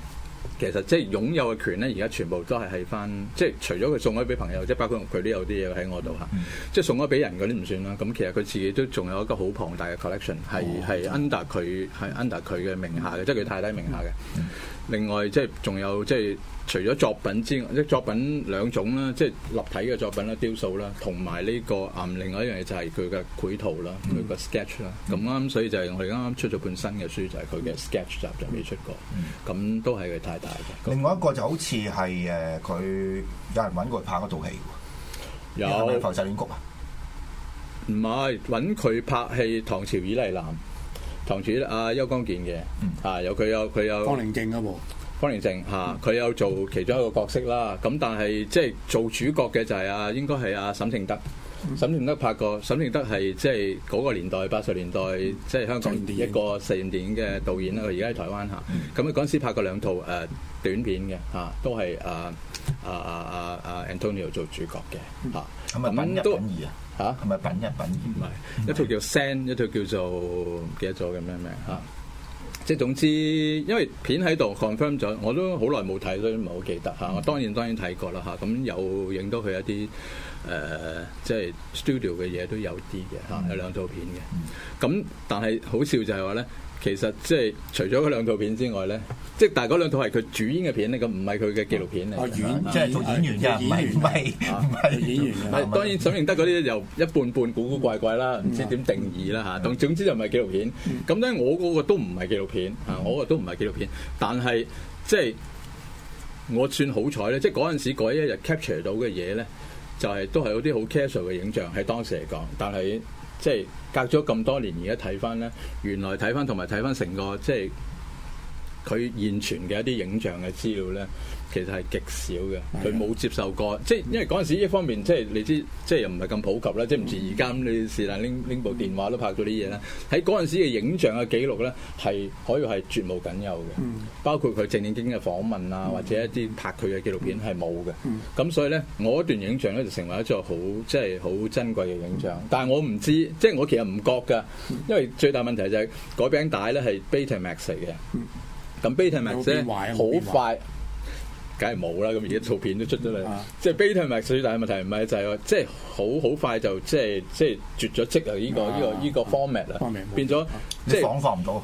其實即係擁有嘅權咧，而家全部都係喺返，即係除咗佢送咗俾朋友，即係包括佢都有啲嘢喺我度吓。嗯、即係送咗俾人嗰啲唔算啦。咁其實佢自己都仲有一個好龐大嘅 collection，係係 under 佢，係 under 佢嘅名下嘅，即係佢太太名下嘅。嗯、另外即係仲有即係。除咗作品之外，即作品兩種啦，即立體嘅作品啦、雕塑啦，同埋呢個啊，另外一樣嘢就係佢嘅繪圖啦，佢個 sketch 啦。咁 啱，所以 就係我哋啱啱出咗本新嘅書，就係、是、佢嘅 sketch 集，就未出過。咁都係佢太大嘅。那個、另外一個就好似係誒，佢有人揾佢拍嗰套戲有咩浮世戀曲啊？唔係揾佢拍戲，《唐朝綺麗男》。唐朝啊，邱剛健嘅。 啊，有佢有佢有。方令正嗰部。方令正嚇，佢、啊、有做其中一個角色啦。咁、啊、但係即係做主角嘅就係啊，應該係啊沈殿德。嗯、沈殿德拍過，沈殿德係即係嗰個年代八十年代即係、就是、香港一個實驗電影嘅導演啦。佢而家喺台灣嚇。咁佢嗰陣時拍過兩套誒短片嘅嚇，都係啊啊啊啊 Antonio 做主角嘅嚇。咁啊係咪品一品二啊嚇？係咪、啊、品一品二？唔係是，一套叫 San 是一套叫做唔記得咗咁樣名嚇。即係總之，因為片喺度 confirm 咗，我都好耐冇睇，所以唔係好記得嚇。我、啊、當然當然睇過啦嚇，咁有影到佢一啲誒即、呃、係、就是、studio 嘅嘢都有啲嘅嚇，有、嗯、兩套片嘅。咁、嗯、但係好笑就係話咧。其實即係除咗嗰兩套片之外咧，即係但係嗰兩套係佢主演嘅片咧，咁唔係佢嘅紀錄片嚟。即係做演員啫，唔係唔唔係演員。係當然沈認德嗰啲又一半半古古怪怪啦，唔知點定義啦嚇。總之就唔係紀錄片。咁咧我嗰個都唔係紀錄片，我個都唔係紀錄片。但係即係我算好彩咧，即係嗰陣時嗰一日 capture 到嘅嘢咧，就係都係有啲好 casual 嘅影像喺當時嚟講。但係即係。隔咗咁多年，而家睇返呢，原來睇返同埋睇返成個，即係佢現存嘅一啲影像嘅資料呢。其實係極少嘅，佢冇接受過，即係因為嗰陣時呢一方面即係你知，即係又唔係咁普及啦，即係唔似而家咁你是但拎拎部電話都拍到啲嘢咧。喺嗰陣時嘅影像嘅記錄咧，係可以係絕無僅有嘅，包括佢正正經經嘅訪問啊，或者一啲拍佢嘅紀錄片係冇嘅。咁所以咧，我段影像咧就成為一座好即係好珍貴嘅影像。但係我唔知，即係我其實唔覺㗎，因為最大問題就係嗰餅帶咧係 Beta Max 嘅，咁 Beta Max 咧好快。梗係冇啦，咁而家圖片都出咗嚟，嗯啊、即係 Betamax 最大嘅問題，唔係就係、是、即係好好快就即係即係絕咗跡、呢個、啊！呢個呢個呢個 format 啊 f 變咗即係仿法唔到。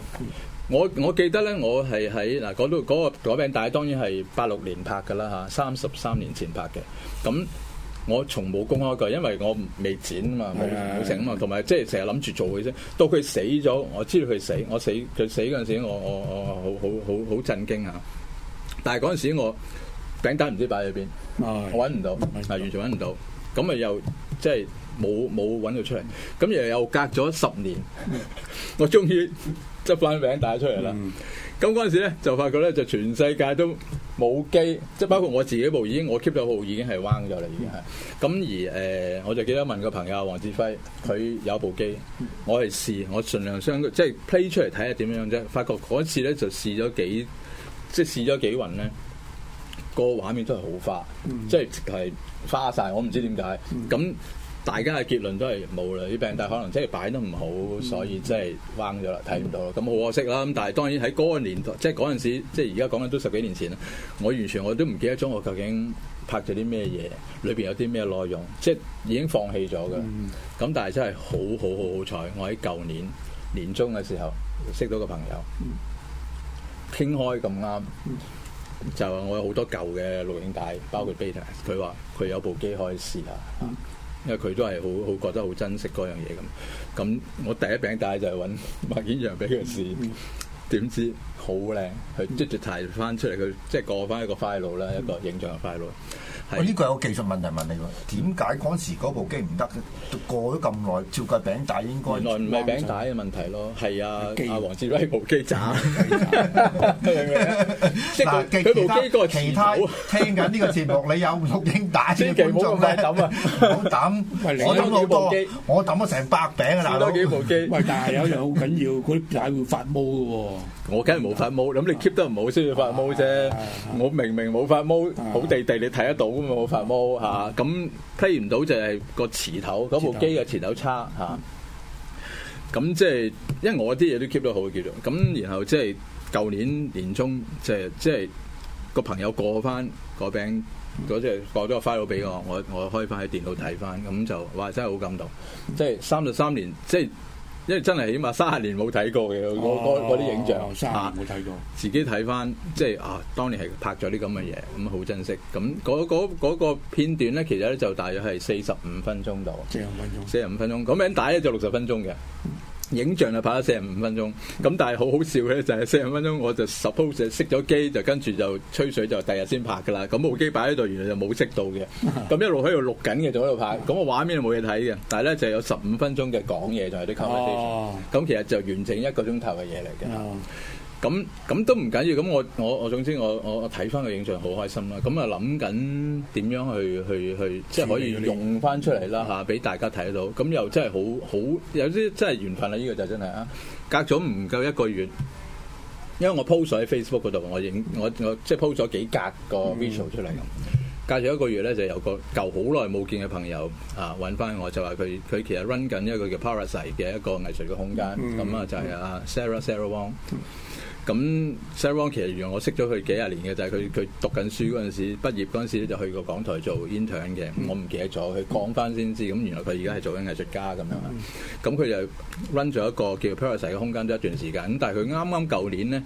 我我記得咧，我係喺嗱嗰度嗰個改、嗰個嗰個、餅帶，當然係八六年拍噶啦嚇，三十三年前拍嘅。咁我從冇公開過，因為我未剪嘛，冇冇成嘛，同埋即係成日諗住做佢啫。到佢死咗，我知道佢死，我死佢死嗰陣時，我我我好好好好震驚啊！但係嗰陣時我。餅帶唔知擺喺邊，揾唔的到，啊的完全揾唔到，咁啊又即係冇冇揾到出嚟，咁又又隔咗十年， 我終於執翻餅帶出嚟啦。咁嗰陣時咧就發覺咧就全世界都冇機，即係包括我自己部已經我 keep 咗號已經係彎咗啦，已經係。咁而誒我就記得問個朋友黃志輝，佢有部機，我係試，我儘量相，即係 play 出嚟睇下點樣啫。發覺嗰次咧就試咗幾，即係試咗幾運咧。個畫面都係好、嗯、花，即係係花晒。我唔知點解。咁、嗯、大家嘅結論都係冇啦，啲病大可能真係擺得唔好，所以即係彎咗啦，睇唔、嗯、到啦。咁好可惜啦。咁但係當然喺嗰年代，即係嗰陣時，即係而家講緊都十幾年前啦。我完全我都唔記得咗我究竟拍咗啲咩嘢，裏邊有啲咩內容，即係已經放棄咗嘅。咁、嗯、但係真係好好好好彩，我喺舊年年中嘅時候識到個朋友，傾、嗯、開咁啱。嗯就話我有好多舊嘅錄影帶，包括 Beta，佢話佢有部機可以試下，因為佢都係好好覺得好珍惜嗰樣嘢咁。咁我第一餅帶就係揾麥顯楊俾佢試。嗯點知好靚，佢即係抬翻出嚟，佢即係過翻一個 file 啦，一個影像嘅 file。我呢個有技術問題問你喎，點解嗰時嗰部機唔得嘅？過咗咁耐，照個餅帶應該耐唔係餅帶嘅問題咯。係啊，阿黃志威部機渣。嗱，其他其他聽緊呢個節目，你有錄影帶嘅觀眾咧，唔好抌啊！唔好抌，我抌好多，我抌咗成百餅啊！抌咗幾部機。喂，但係有一樣好緊要，嗰啲餅會發毛嘅喎。我梗係冇發毛，咁你 keep 得唔好先至發毛啫。 我明明冇發毛，好地地你睇得到噶嘛，冇發毛吓。咁睇唔到就係個磁頭，嗰部機嘅磁頭差吓。咁即係，因為我啲嘢都 keep 得好嘅叫做。咁、啊、然後即係舊年年中，即係即係個朋友過翻個餅，嗰、那、隻、個就是、過咗個 file 俾我，我我開翻喺電腦睇翻，咁就話真係好感動。即係三十三年，即、就、係、是。因為真係起碼三十年冇睇過嘅，我我啲影像三十、啊、年冇睇過，自己睇翻即係啊，當年係拍咗啲咁嘅嘢，咁好珍惜。咁嗰嗰個片段咧，其實咧就大約係四十五分鐘到，四十五分鐘，四十五分鐘，咁樣、嗯、打咧就六、是、十分鐘嘅。影像就拍咗四十五分鐘，咁但係好好笑嘅就係四十五分鐘我就 suppose 熄咗機，就跟住就吹水，就第日先拍㗎喇。咁部機擺喺度原來就冇熄到嘅，咁 一路喺度錄緊嘅，仲喺度拍。咁、個畫面就冇嘢睇嘅，但係咧就是、有十五分鐘嘅講嘢，就有啲 conversation。咁、oh. 其實就完整一個鐘頭嘅嘢嚟嘅。Oh. 嗯咁咁都唔緊要，咁我我我總之我我睇翻個影像好開心啦。咁啊諗緊點樣去去去，即係可以用翻出嚟啦嚇，俾大家睇到。咁又真係好好有啲真係緣分啊！呢、呢個就真係啊，隔咗唔夠一個月，因為我 post 咗喺 Facebook 度，我影我我即係 post 咗幾格個 video 出嚟咁。嗯、隔咗一個月咧，就有個舊好耐冇見嘅朋友啊揾翻我，就話佢佢其實 run 緊一個叫 Para Site 嘅一個藝術嘅空間，咁啊、嗯嗯嗯、就係、係、啊 Sarah Sarah Wong。咁 Sir Ron 其實原來我識咗佢幾廿年嘅，就係佢佢讀緊書嗰陣時，畢業嗰時咧就去過港台做 intern 嘅。我唔記得咗，佢講翻先知。咁原來佢而家係做緊藝術家咁樣。咁佢就 run 咗一個叫 Para Site 嘅空間咗一段時間。咁但係佢啱啱舊年咧。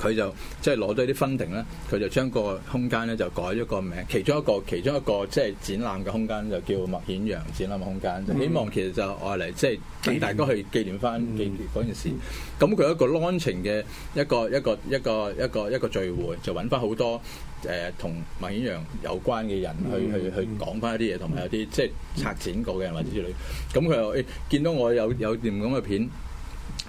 佢就即係攞咗啲 funding 咧，佢就將，是，個空間咧就改咗個名，其中一個其中一個即係，就是，展覽嘅空間就叫麥顯楊展覽空間，就希望其實就用嚟即係俾大家去紀念翻紀念嗰件事。咁佢一個 launching 嘅一個一個一個一個一個、一個聚會，就揾翻好多誒同麥顯楊有關嘅人去，嗯嗯、去去講翻一啲嘢，同埋有啲即係策展過嘅人或者之類。咁佢又誒見到我有有段咁嘅片。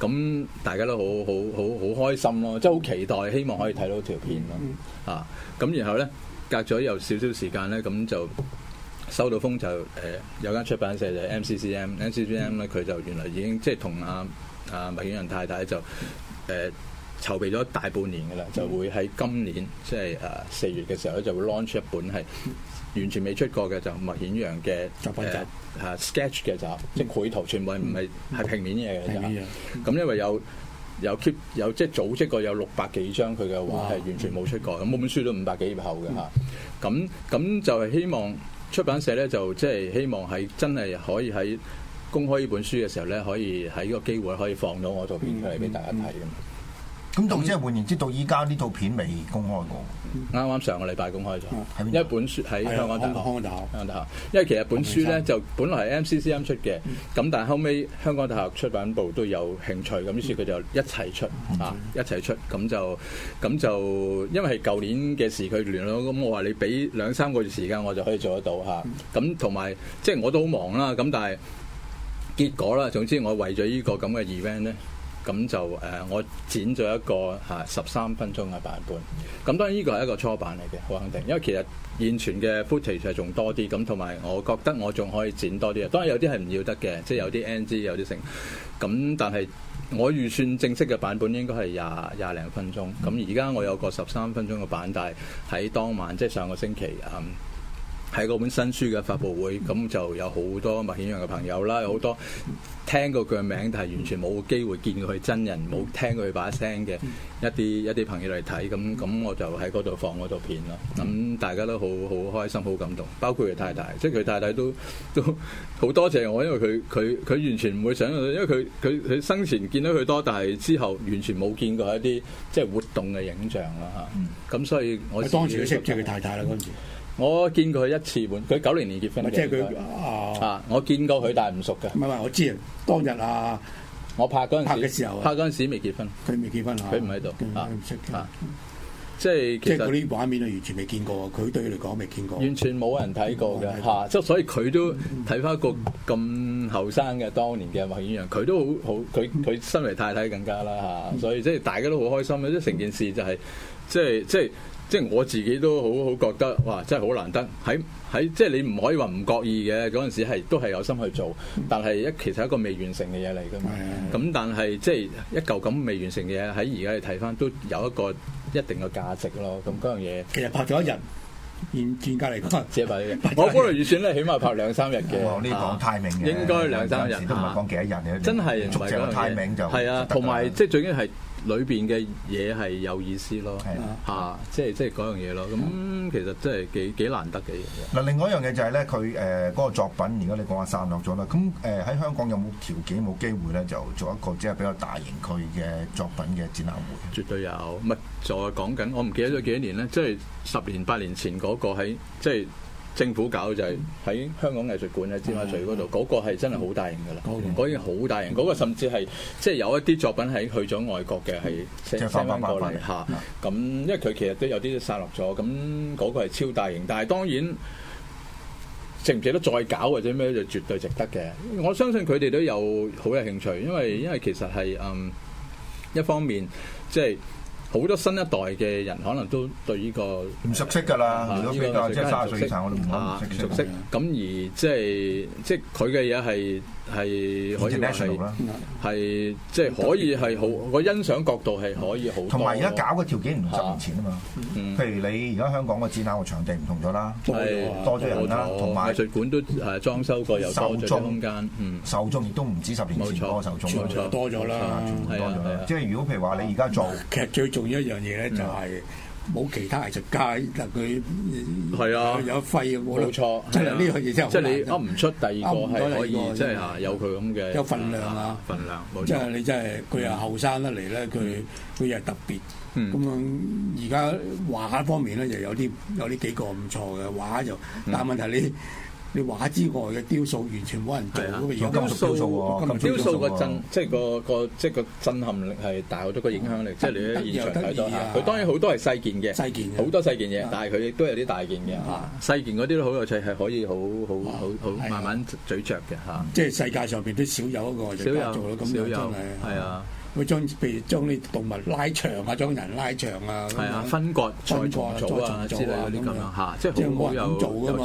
咁大家都好好好好開心咯，即係好期待，希望可以睇到條片咯。嗯、啊，咁然後咧隔咗有少少時間咧，咁就收到風就誒、呃、有間出版社就係、是、MCCM，MCCM、嗯、咧佢、嗯、就原來已經即係同阿啊麥顯楊太太就誒籌、呃、備咗大半年嘅啦，就會喺今年即係、就是、啊四月嘅時候咧就會 launch 一本係。嗯完全未出過嘅就麥顯楊嘅誒誒 sketch 嘅集，即係繪圖，全部唔係係平面嘢嘅。係咁，因為有有 keep 有即係組織過，有六百幾張佢嘅畫係完全冇出過，咁、嗯、本書都五百幾頁厚嘅嚇。咁咁、嗯、就係希望出版社咧就即係希望係真係可以喺公開呢本書嘅時候咧，可以喺呢個機會可以放到我套片出嚟俾大家睇咁。嗯嗯咁，即係，換言之，到依家呢套片未公開過。啱啱上個禮拜公開咗，一本書喺香港大學。香港大學，大學因為其實本書咧就本來係 MCCM 出嘅，咁、嗯、但係後尾香港大學出版部都有興趣，咁、嗯、於是佢就一齊出、嗯、啊，一齊出，咁就咁就因為係舊年嘅時佢聯絡，咁我話你俾兩三個月時間，我就可以做得到嚇。咁同埋即係我都好忙啦，咁但係結果啦，總之我為咗呢個咁嘅 event 咧。咁就誒、呃，我剪咗一個嚇十三分鐘嘅版本。咁、嗯、當然呢個係一個初版嚟嘅，好肯定。因為其實現存嘅 Footage 係仲多啲，咁同埋我覺得我仲可以剪多啲啊。當然有啲係唔要得嘅，即係有啲 NG，有啲成。咁但係我預算正式嘅版本應該係廿廿零分鐘。咁而家我有個十三分鐘嘅版，但係喺當晚即係上個星期嗯。喺嗰本新書嘅發布會，咁就有好多麥顯楊嘅朋友啦，有好多聽過佢嘅名，但係完全冇機會見過佢真人，冇聽過佢把聲嘅一啲一啲朋友嚟睇，咁咁我就喺嗰度放嗰度片咯。咁大家都好好開心、好感動，包括佢太太，即係佢太太都都好多謝我，因為佢佢佢完全唔會想，因為佢佢佢生前見到佢多，但係之後完全冇見過一啲即係活動嘅影像啦嚇。咁、啊、所以我，我當時都識住佢太太啦。當時。我見過佢一次半，佢九零年結婚嘅。即係佢啊！我見過佢，但係唔熟嘅。唔係我知。當日啊，我拍嗰陣時嘅時候，拍嗰陣時未結婚。佢未結婚，佢唔喺度，唔識。即係即係嗰啲畫面係完全未見過。佢對佢嚟講未見過。完全冇人睇過嘅嚇，即係所以佢都睇翻一個咁後生嘅當年嘅麥顯楊佢都好好，佢佢身為太太更加啦嚇。所以即係大家都好開心即成件事就係即係即係。即係我自己都好好覺得，哇！真係好難得喺喺，即係你唔可以話唔覺意嘅嗰陣時係都係有心去做，但係一其實一個未完成嘅嘢嚟㗎嘛。咁是但係即係一嚿咁未完成嘅嘢喺而家你睇翻，都有一個一定嘅價值咯。咁嗰樣嘢其實拍咗一日，嚴嚴格嚟講只係我嗰輪預算咧，起碼拍兩三日嘅。我呢講太明嘅，應該兩三日都唔係講幾一日嚟嘅。真係，係啊，同埋即係最緊係。裏邊嘅嘢係有意思咯，嚇，即係即係嗰樣嘢咯。咁，嗯，其實真係幾幾難得嘅嘢。嗱，另外一樣嘢就係咧，佢誒嗰個作品，如果你講下散落咗啦。咁誒喺香港有冇條件、冇機會咧，就做一個即係比較大型佢嘅作品嘅展覽會？絕對有，乜再講緊？我唔記得咗幾多年咧，即係十年八年前嗰個喺即係。政府搞就係喺香港藝術館喺尖沙咀嗰度，嗰個係真係好大型嘅啦。嗰好大型，嗰個甚至係即係有一啲作品喺去咗外國嘅，係 send 翻過嚟嚇。咁因為佢其實都有啲散落咗，咁嗰個係超大型。但係當然，值唔值得再搞或者咩就絕對值得嘅。我相信佢哋都有好有興趣，因為因為其實係嗯一方面即係。好多新一代嘅人可能都對呢、呢個唔熟悉㗎啦，呢、啊呢個即係卅歲以上、嗯、我都唔唔熟悉。咁、啊嗯、而即係即係佢嘅嘢係。就是係可以係 International 啦，係即係可以係好，我欣賞角度係可以好。同埋而家搞嘅條件唔同十年前啊嘛。譬如你而家香港嘅展覽嘅場地唔同咗啦，多多咗人啦，同埋藝術館都誒裝修過，有收租空間，收租亦都唔止十年前多收租，多咗啦，就多咗啦。即係如果譬如話你而家做，其實最重要一樣嘢咧就係。冇其他藝術家，但佢係啊有肺冇錯，即係呢樣嘢真係即係你噏唔出第二個係可以，即係嚇有佢咁嘅有份量啊，份量，即係你真係佢又後生得嚟咧，佢佢又特別，咁樣而家畫方面咧就有啲有呢幾個唔錯嘅畫就，但問題你。你畫之外嘅雕塑完全冇人做，雕塑雕塑個震，即係個個即係個震撼力係大好多個影響力，即係你喺現場睇到，佢當然好多係細件嘅，好多細件嘢，但係佢亦都有啲大件嘅嚇。細件嗰啲都好有趣，係可以好好好好慢慢咀嚼嘅嚇。即係世界上邊都少有一個做到咁樣，真係啊！會將譬如將啲動物拉長啊，將人拉長啊，係啊，分割再、啊、分錯組啊，啊之類啲咁樣吓，即係冇人咁做噶嘛，冇、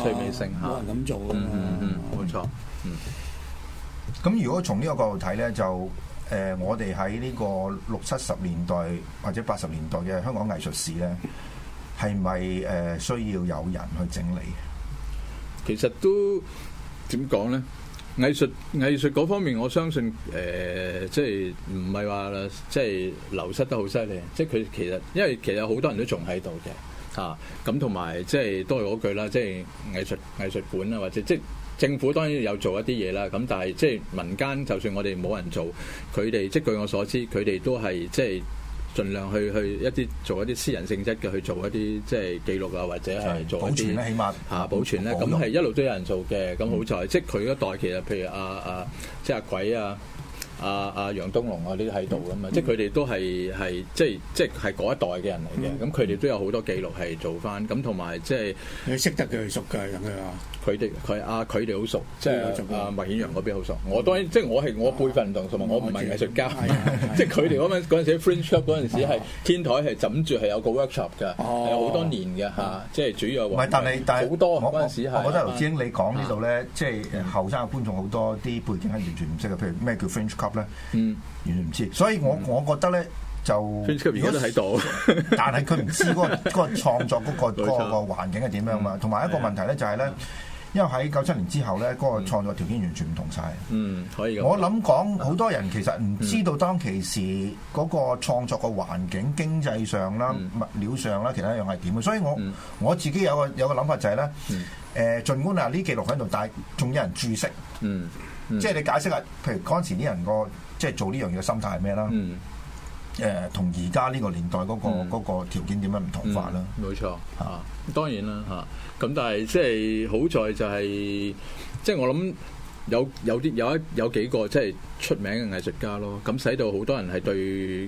啊、人咁做，嗯冇、嗯、錯，咁、嗯、如果從呢個角度睇咧，就誒、呃、我哋喺呢個六七十年代或者八十年代嘅香港藝術史咧，係咪誒需要有人去整理？其實都點講咧？藝術藝術嗰方面，我相信誒、呃，即係唔係話即係流失得好犀利，即係佢其實，因為其實好多人都仲喺度嘅，啊，咁同埋即係都係嗰句啦，即係藝術藝術館啊，或者即係政府當然有做一啲嘢啦，咁但係即係民間，就算我哋冇人做，佢哋即係據我所知，佢哋都係即係，盡量去去一啲做一啲私人性質嘅去做一啲即係記錄啊，或者係做一啲嚇保存咧，咁係保用 一路都有人做嘅。咁好在、嗯、即係佢嗰代其實譬如啊啊即係阿鬼啊。啊啊，阿楊東龍啊，呢啲喺度㗎嘛，即係佢哋都係，係即係即係嗰一代嘅人嚟嘅，咁佢哋都有好多記錄，係做翻，咁同埋即你識得佢熟嘅咁樣。佢哋佢啊，佢哋好熟，即係啊。麥顯楊嗰邊好熟。我當然即係我係我輩份同埋，我唔係藝術家，即係佢哋嗰陣嗰陣時 French Club 嗰陣時係天台係枕住係有個 workshop 㗎，有好多年嘅嚇，即係主要。唔係，但係但係好多嗰陣時，我覺得盧子英你講呢度咧，即係後生嘅觀眾好多啲背景係完全唔識嘅，譬如咩叫 French Club。嗯，完全唔知，所以我我覺得咧就，如果都睇到，但係佢唔知嗰個嗰個創作嗰個嗰個環境係點樣嘛，同埋一個問題咧就係咧，因為喺九七年之後咧，嗰個創作條件完全唔同晒。嗯，可以。我諗講好多人其實唔知道當其時嗰個創作嘅環境、經濟上啦、物料上啦，其他一樣係點嘅。所以我我自己有個有個諗法就係咧，誒，儘管啊呢記錄喺度，但係仲有人注釋。嗯。嗯、即係你解釋下，譬如嗰陣時啲人個即係做呢樣嘢嘅心態係咩啦？誒、嗯呃，同而家呢個年代嗰、嗰個嗰、嗯、條件點樣唔同化啦？冇、嗯、錯，嚇、啊，當然啦，嚇、啊。咁但係即係好在就係、係，即係我諗有有啲有一有,有幾個即係。出名嘅藝術家咯，咁使到好多人係對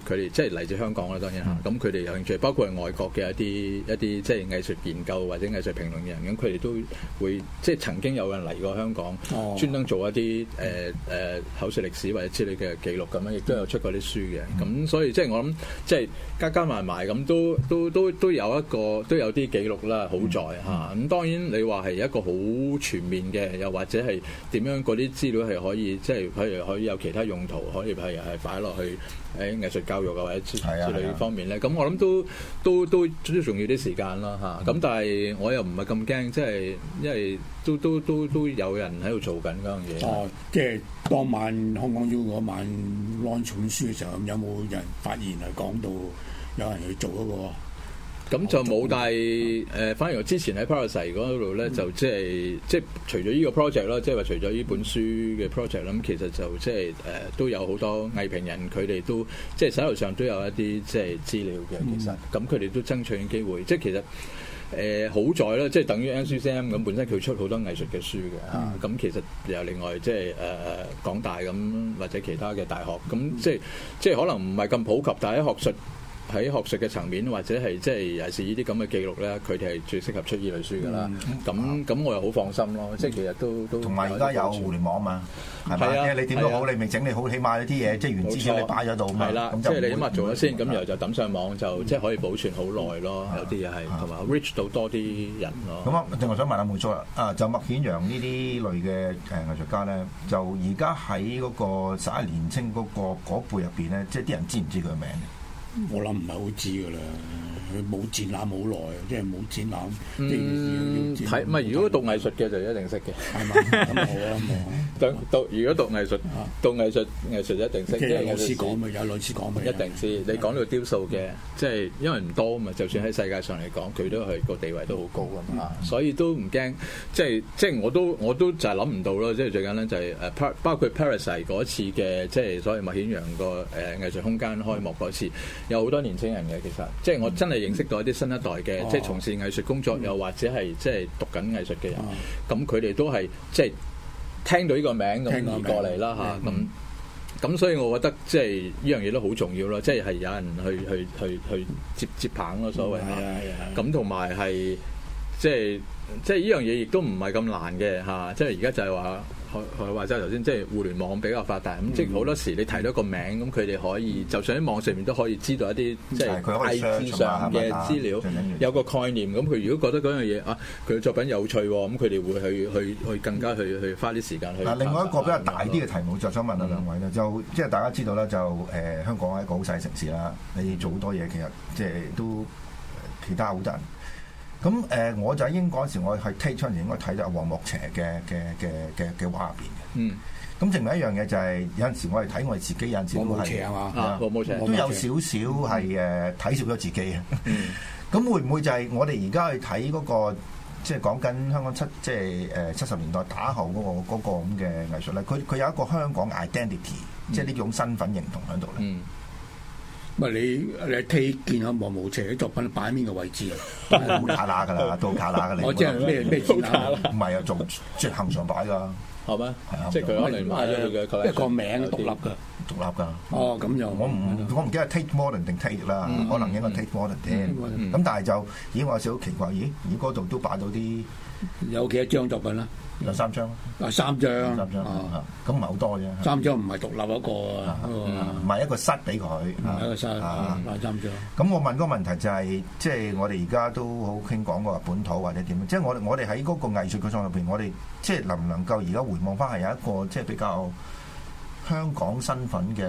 佢哋，即係嚟自香港啦，當然吓，咁佢哋有興趣，包括係外國嘅一啲一啲，即係藝術研究或者藝術評論嘅人，咁佢哋都會即係曾經有人嚟過香港，專登、哦、做一啲誒誒口述歷史或者之類嘅記錄，咁樣亦都有出過啲書嘅。咁、嗯、所以即係我諗即係加加埋埋咁，都都都都有一個都有啲記錄啦。好在吓，咁、嗯嗯嗯嗯、當然你話係一個好全面嘅，又或者係點樣嗰啲資料係可以，即係譬如可以有。其他用途可以係係擺落去喺藝術教育啊，或者之類方面咧，咁、啊啊、我諗都都都都仲要啲時間啦嚇。咁、嗯、但係我又唔係咁驚，即、就、係、是、因為都都都都有人喺度做緊嗰樣嘢。哦，即係當晚香港要嗰晚朗讀書嘅時候，有冇人發現係講到有人去做嗰個？咁就冇，但係反而我之前喺 Parasite 嗰度咧、嗯就是，就即係即係除咗呢個 project 啦，即係話除咗呢本書嘅 project 啦，咁其實就即係誒都有好多藝評人，佢哋都即係、就是、手頭上都有一啲即係資料嘅，其實咁佢哋都爭取緊機會。即、就、係、是、其實誒、呃、好在啦，即、就、係、是、等於 NCCM 咁本身佢出好多藝術嘅書嘅，咁、啊、其實有另外即係誒港大咁或者其他嘅大學，咁即係即係可能唔係咁普及，但係喺學術，喺學術嘅層面，或者係即係尤其是呢啲咁嘅記錄咧，佢哋係最適合出呢類書㗎啦。咁咁我又好放心咯。即係其實都都同埋而家有互聯網啊嘛，係咪？因為你點都好，你未整理好，起碼有啲嘢即係原資料你擺咗度嘛。係啦，咁即係你咁啊做咗先，咁然後就抌上網就即係可以保存好耐咯。有啲嘢係同埋 reach 到多啲人咯。咁啊，另外想問下冇錯啊就麥顯楊呢啲類嘅誒藝術家咧，就而家喺嗰個十一年青嗰個嗰輩入邊咧，即係啲人知唔知佢名？我諗唔係好知噶啦。佢冇展覽冇耐，即係冇展覽。嗯，睇唔係？如果讀藝術嘅就一定識嘅，係嘛？咁好啊，冇讀讀。如果讀藝讀藝讀藝術藝術就一定識，其實老師講咪有老師講咪一定知。你講到雕塑嘅，啊、即係因為唔多啊嘛。就算喺世界上嚟講，佢都係個地位都好高啊嘛。啊所以都唔驚，即係即係我都我都就係諗唔到咯。即係最緊要就係誒，包括 Paris 嗰次嘅，即係所謂麥顯楊個誒藝術空間開幕嗰次，有好多年青人嘅。其實即係我真係、嗯。嗯認識到一啲新一代嘅，哦、即係從事藝術工作又、嗯、或者係即係讀緊藝術嘅人，咁佢哋都係即係聽到呢個名咁而過嚟啦嚇，咁咁字、啊、所以我覺得即係呢樣嘢都好重要咯，即係係有人去去去去接接棒咯，所謂咁同埋係即係即係呢樣嘢亦都唔係咁難嘅嚇，即係而家就係話。係，或者頭先即係互聯網比較發達咁，即係好多時你提到一個名咁，佢哋可以，就算喺網上面都可以知道一啲、嗯、即係 I P 上嘅資料，嗯、有個概念咁。佢如果覺得嗰樣嘢啊，佢嘅作品有趣，咁佢哋會去去去更加去去花啲時間去。啊，另外一個比較大啲嘅題目，就、嗯、想問下兩位啦。就即係大家知道啦，就誒、呃、香港係一個好細城市啦，你做好多嘢，其實即係都其他好多人。咁誒，我就喺英嗰陣時，我係聽出嚟應該睇咗黃莫邪嘅嘅嘅嘅嘅畫入邊嘅。嗯。咁另外一樣嘢就係、是、有陣時我哋睇我哋自己，有陣時黃莫邪係嘛？都有少少係誒睇少咗自己啊。咁 會唔會就係我哋而家去睇嗰、那個，即係講緊香港七，即係誒七十年代打後嗰、那個咁嘅、那個、藝術咧？佢佢有一個香港 identity、嗯、即係呢種身份認同喺度咧。嗯。唔你你 take 見下王武邪嘅作品擺喺邊個位置啊？都架架㗎啦，都卡架㗎，你即知係咩咩展唔係啊，仲桌行上擺㗎，係咩？係啊，即係佢可能買咗佢，因為個名獨立㗎，獨立㗎。哦，咁又，我唔我唔記得係 take modern 定 take 啦，可能應該 take modern 添。咁但係就咦我話少奇怪，咦咦嗰度都擺到啲有幾張作品啦？有三張啊！三張，三張，咁唔係好多啫。三張唔係獨立一個啊，唔係、啊嗯、一個室俾佢，係一個室，啊、三張。咁我問個問題就係、是，即、就、係、是、我哋而家都好傾講話本土或者點，即、就、係、是、我我哋喺嗰個藝術嘅創作入邊，我哋即係能唔能夠而家回望翻係有一個即係比較香港身份嘅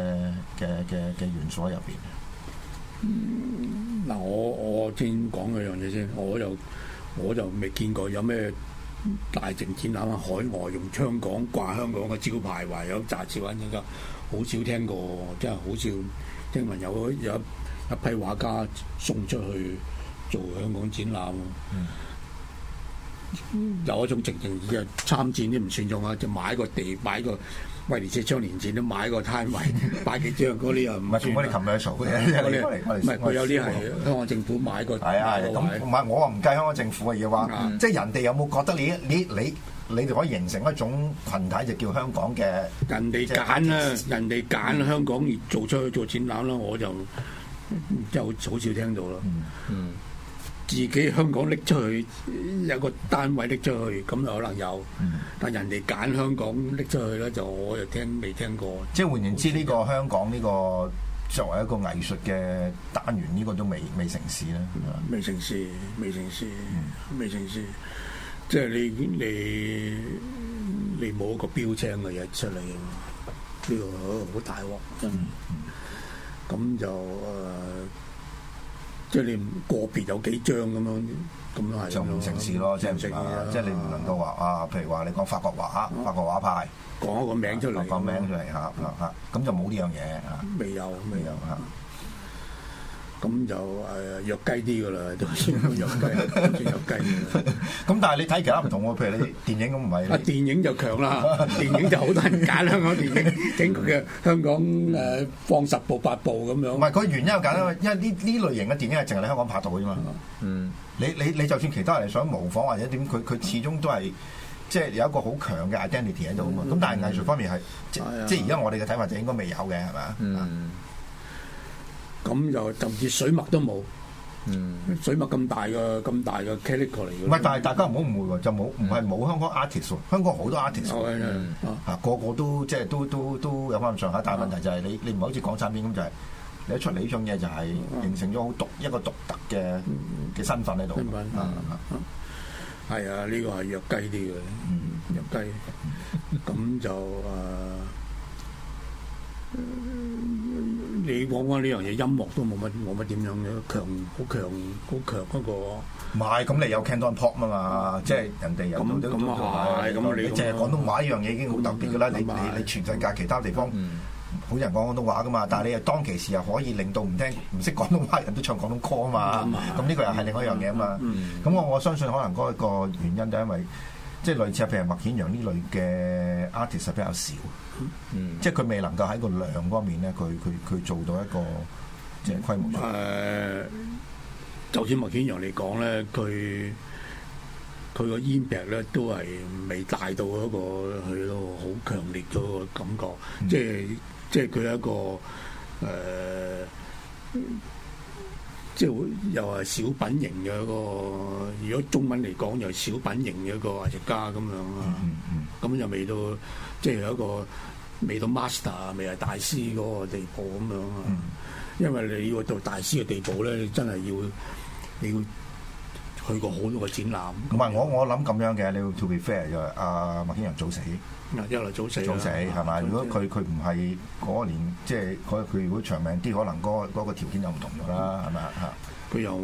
嘅嘅嘅元素喺入邊？嗱、嗯，我我先講嗰樣嘢先，我就我就未見過有咩。大型展覽啊，海外用掛香港掛香港嘅招牌，話有雜誌揾咗，好少聽過，真係好少聽聞有有一，有一,一批畫家送出去做香港展覽，嗯、有一種情形而家參展都唔算用啊，就買個地買個。喂，你即將年前都買個攤位，擺幾張嗰啲又唔係，我哋琴日家嘅，唔係，我，我有啲係香港政府買個，係啊係，唔係我話唔計香港政府嘅要話，即係人哋有冇覺得你你你你哋可以形成一種群體，就叫香港嘅人哋揀啦，人哋揀香港而做出去做展覽啦，我就即係好少聽到啦，嗯。自己香港拎出去有個單位拎出去，咁就可能有。但人哋揀香港拎出去咧，就我又聽未聽過。即係換言之，呢個香港呢個作為一個藝術嘅單元，呢個都未未成事啦。未成事，未成事，未成事。即係你你你冇一個標青嘅嘢出嚟啊嘛？呢個好大鑊真。嗯。咁就誒。即係你個別有幾張咁樣咁啊，上面城市咯，即係唔即係你唔能夠話啊，譬如話你講法國畫，嗯、法國畫派講一個名出嚟，講、嗯、名出嚟嚇啦嚇，咁就冇呢樣嘢啊，未有，有，未有嚇。咁就誒弱雞啲噶啦，都算弱雞，算弱雞嘅。咁但係你睇其他唔同喎，譬如你電影都唔係。啊，電影就強啦，電影就好多人揀香港電影整嘅香港誒放十部八部咁樣。唔係，佢原因又簡單，因為呢呢類型嘅電影係淨係喺香港拍到啫嘛。嗯，你你你就算其他人想模仿或者點，佢佢始終都係即係有一個好強嘅 identity 喺度啊嘛。咁但係藝術方面係即即係而家我哋嘅睇法就應該未有嘅係咪？嗯。咁就甚至水墨都冇，嗯，水墨咁大嘅咁大嘅 carry 過嚟嘅。唔係，但係大家唔好誤會喎，就冇唔係冇香港 artist，香港好多 artist 啊，嚇 個個都即係、就是、都都都有翻上下。但係問題就係你你唔好似港產片咁就係、是、你一出嚟呢種嘢就係形成咗好獨一個獨特嘅嘅身份喺度。係啊，呢、嗯啊呢個係弱雞啲嘅，弱雞。咁 就誒。呃你講講呢樣嘢，音樂都冇乜冇乜點樣嘅強，好強好強嗰個。唔係，咁你有 Canton Pop 啊嘛，即係人哋有咁咁啊，唔係咁啊，你淨係廣東話一樣嘢已經好特別噶啦。你你你全世界其他地方，好多人講廣東話噶嘛，但係你又當其時又可以令到唔聽唔識廣東話人都唱廣東歌啊嘛，咁呢個又係另外一樣嘢啊嘛。咁我我相信可能嗰個原因就係因為，即係類似譬如麥顯楊呢類嘅 artist 比較少。嗯，即係佢未能夠喺個量方面咧，佢佢佢做到一個即係規模，嗯。誒、嗯，就算麥顯楊嚟講咧，佢佢個煙餅咧都係未帶到一個去到好強烈嘅感覺，嗯，即係即係佢係一個誒。呃嗯即係又係小品型嘅一個，如果中文嚟講又係小品型嘅一個藝術家咁樣啊。咁又、嗯嗯、未到，即係有一個未到 master，未係大師嗰個地步咁樣啊。嗯、因為你要做大師嘅地步咧，你真係要你要。去過好多個展覽，唔係我我諗咁樣嘅，你要 to be fair 就阿麥顯楊早死，一來早，早死，早死係咪？吧如果佢佢唔係嗰年，即係佢佢如果長命啲，可能嗰、那、嗰、個那個條件又唔同咗啦，係咪啊？佢吧又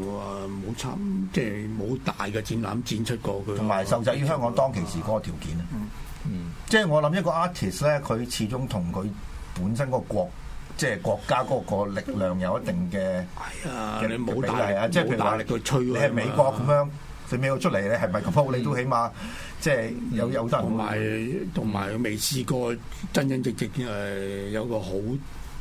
冇參，即係冇大嘅展覽展出過佢，同埋受制於香港當其時嗰個條件啊！嗯，嗯即係我諗一個 artist 咧，佢始終同佢本身個國。即係國家嗰個力量有一定嘅、哎，你冇大啊！即係佢大力去吹，佢佢你美國咁樣，佢美國出嚟咧係咪個 policy 都起碼即係有有得。同埋同埋佢未試過真真正正誒有個好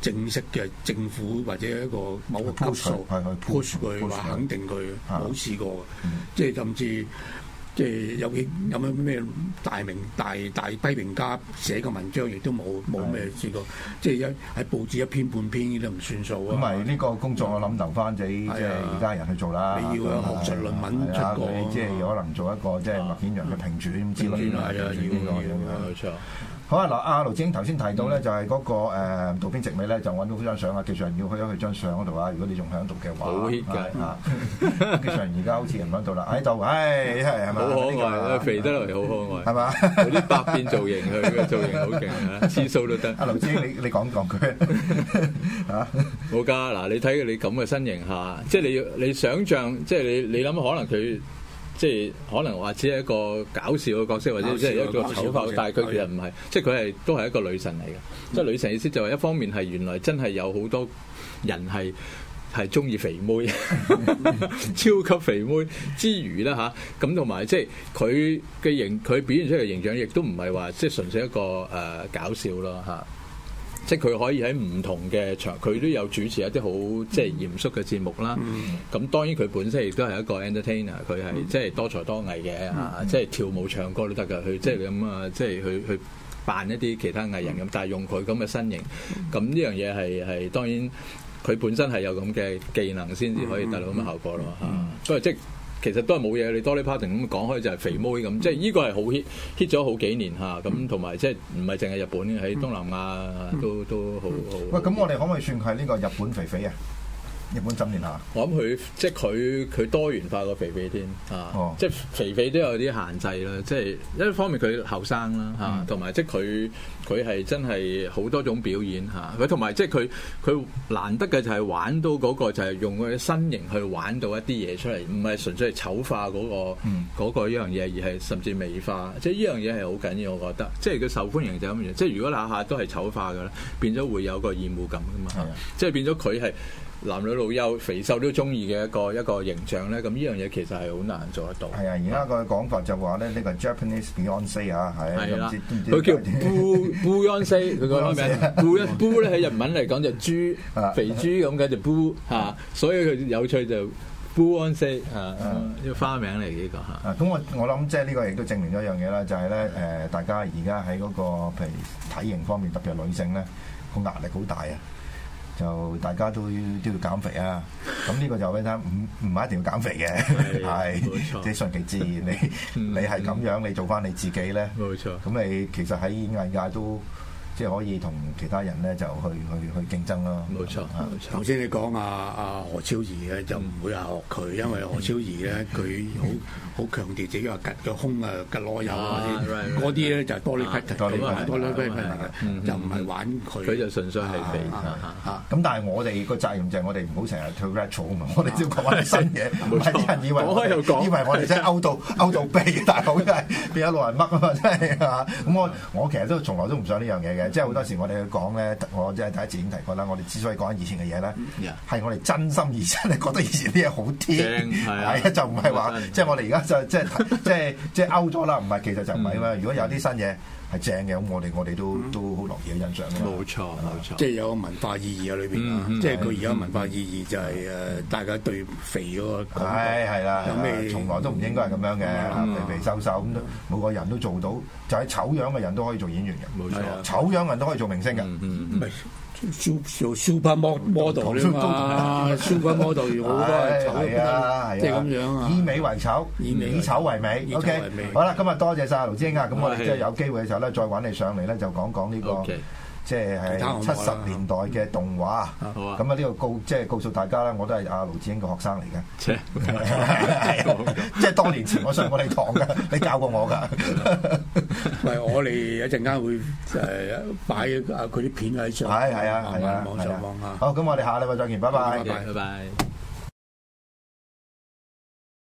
正式嘅政府或者一個某個級數去 push 佢他話肯定佢冇的試過、嗯、即係甚至。即係尤其有咩咩大名大大批評家寫個文章，亦都冇冇咩試過。即、就、係、是、一喺報紙一篇半篇，都唔算數啊。咁咪呢個工作我，我諗留翻俾即係而家人去做啦。你要有學術論文出過，啊啊、即係可能做一個即係麥顯楊嘅評註咁之類嘅嘢。係啊，要要。冇錯。好啊！嗱，阿盧子英頭先提到咧，就係嗰個誒圖片直尾咧，就揾到張相啊！技術人要去咗佢張相嗰度啊！如果你仲喺度嘅話，好 heat 技術人而家好似唔喺度啦，喺度唉，係係嘛？好可愛，肥得嚟好可愛，係嘛？啲百變造型，佢嘅造型好勁啊！幾數都得。阿盧子英，你你講唔講佢？嚇冇加嗱，你睇佢你咁嘅身形嚇，即係你你想像，即係你你諗可能佢。即係可能話只係一個搞笑嘅角色，或者即係一個丑泡，但係佢其實唔係，即係佢係都係一個女神嚟嘅。嗯、即係女神意思就係一方面係原來真係有好多人係係鍾意肥妹， 超級肥妹之餘啦嚇，咁同埋即係佢嘅形，佢表現出嚟嘅形象亦都唔係話即係純粹一個誒、呃、搞笑咯嚇。即係佢可以喺唔同嘅場，佢都有主持一啲好即係嚴肅嘅節目啦。咁當然佢本身亦都係一個 entertainer，佢係即係多才多藝嘅嚇，即係跳舞唱歌都得㗎。佢即係咁啊，即係佢佢扮一啲其他藝人咁，但係用佢咁嘅身形。咁呢樣嘢係係當然佢本身係有咁嘅技能先至可以達到咁嘅效果咯嚇。所以即其實都係冇嘢，你 Dolly Parton 咁講開就係肥妹咁，即係呢個係好 hit hit 咗好幾年吓，咁同埋即係唔係淨係日本喺東南亞都 都，都好，好。喂，咁我哋可唔可以算係呢個日本肥肥啊？一般怎樣啊？我諗佢即係佢佢多元化過肥肥添、哦啊，啊，即係肥肥都有啲限制啦。即係一方面佢後生啦嚇，同埋即係佢佢係真係好多種表演嚇。佢同埋即係佢佢難得嘅就係玩到嗰個就係用佢身形去玩到一啲嘢出嚟，唔係純粹係醜化嗰、嗰個嗰、嗯、個一樣嘢，而係甚至美化。即係呢樣嘢係好緊要，我覺得。即係佢受歡迎就係咁樣。即係如果下下都係醜化嘅咧，變咗會有個厭惡感噶嘛。的即係變咗佢係。男女老幼肥瘦都中意嘅一個一個形象咧，咁呢樣嘢其實係好難做得到。係啊，而家個講法就話咧，呢個 Japanese Beyoncé 啊，係啦，佢叫 Bu o Beyoncé，佢個名 Bu Bu 咧喺日文嚟講就豬肥豬咁嘅就 Bu o 嚇，所以佢有趣就 Beyoncé 啊，花名嚟呢個嚇。咁我我諗即係呢個亦都證明咗一樣嘢啦，就係咧誒，大家而家喺嗰個譬如體型方面，特別係女性咧個壓力好大啊！就大家都都要減肥啊！咁呢 個就威生，唔唔係一定要減肥嘅，係即係順其自然。 嗯、你你係咁樣，你做翻你自己咧。冇、嗯、錯。咁你其實喺演藝界都～即係可以同其他人咧就去去去競爭咯。冇錯，冇錯。頭先你講啊，阿何超儀咧就唔會話學佢，因為何超儀咧佢好好強調自己話嘅胸啊嘅內有嗰啲，嗰啲咧就多啲 pattern 嘅，多就唔係玩佢。佢就純粹係鼻。咁但係我哋個責任就係我哋唔好成日 to retro 啊嘛，我哋只要講翻啲新嘢，唔係啲人以為以為我哋真係 out 到 out 到鼻，大佬真係俾咗老人掹啊嘛，真係嚇。咁我我其實都從來都唔想呢樣嘢嘅。嗯、即係好多時我哋去講咧，我即係第一次已經提過啦。我哋之所以講以前嘅嘢咧，係 Yeah. 我哋真心而真係覺得以前啲嘢好啲，啊啊、就唔係話即係我哋而家就 即係即係即係 out 咗啦。唔係其實就唔係啊。嗯、如果有啲新嘢。嗯嗯正嘅，咁我哋我哋都都好樂意去欣賞咯。冇錯，冇錯，即係有個文化意義喺裏邊啦。即係佢而家文化意義就係誒，大家對肥嗰個誒係啦，咁你從來都唔應該係咁樣嘅，肥肥瘦瘦咁，都每個人都做到，就係醜樣嘅人都可以做演員嘅，冇錯，醜樣人都可以做明星嘅，嗯嗯。做 super model 啊，super model 好多係啊，即係咁樣，啊，以美為醜，以醜為，為美。O okay, K，okay, 好啦，今日多謝晒盧子英啊，咁我哋即係有機會嘅時候咧，再揾你上嚟咧，的就講講呢個。Okay. 即係七十年代嘅動畫，咁啊呢個告即係告訴大家啦，我都係阿盧子英嘅學生嚟嘅，即係多年前我上過你堂㗎，你教過我噶。唔，我哋一陣間會誒擺啊佢啲片喺上，係係啊，喺網上網啊。好，咁我哋下禮拜再見，拜拜，拜拜。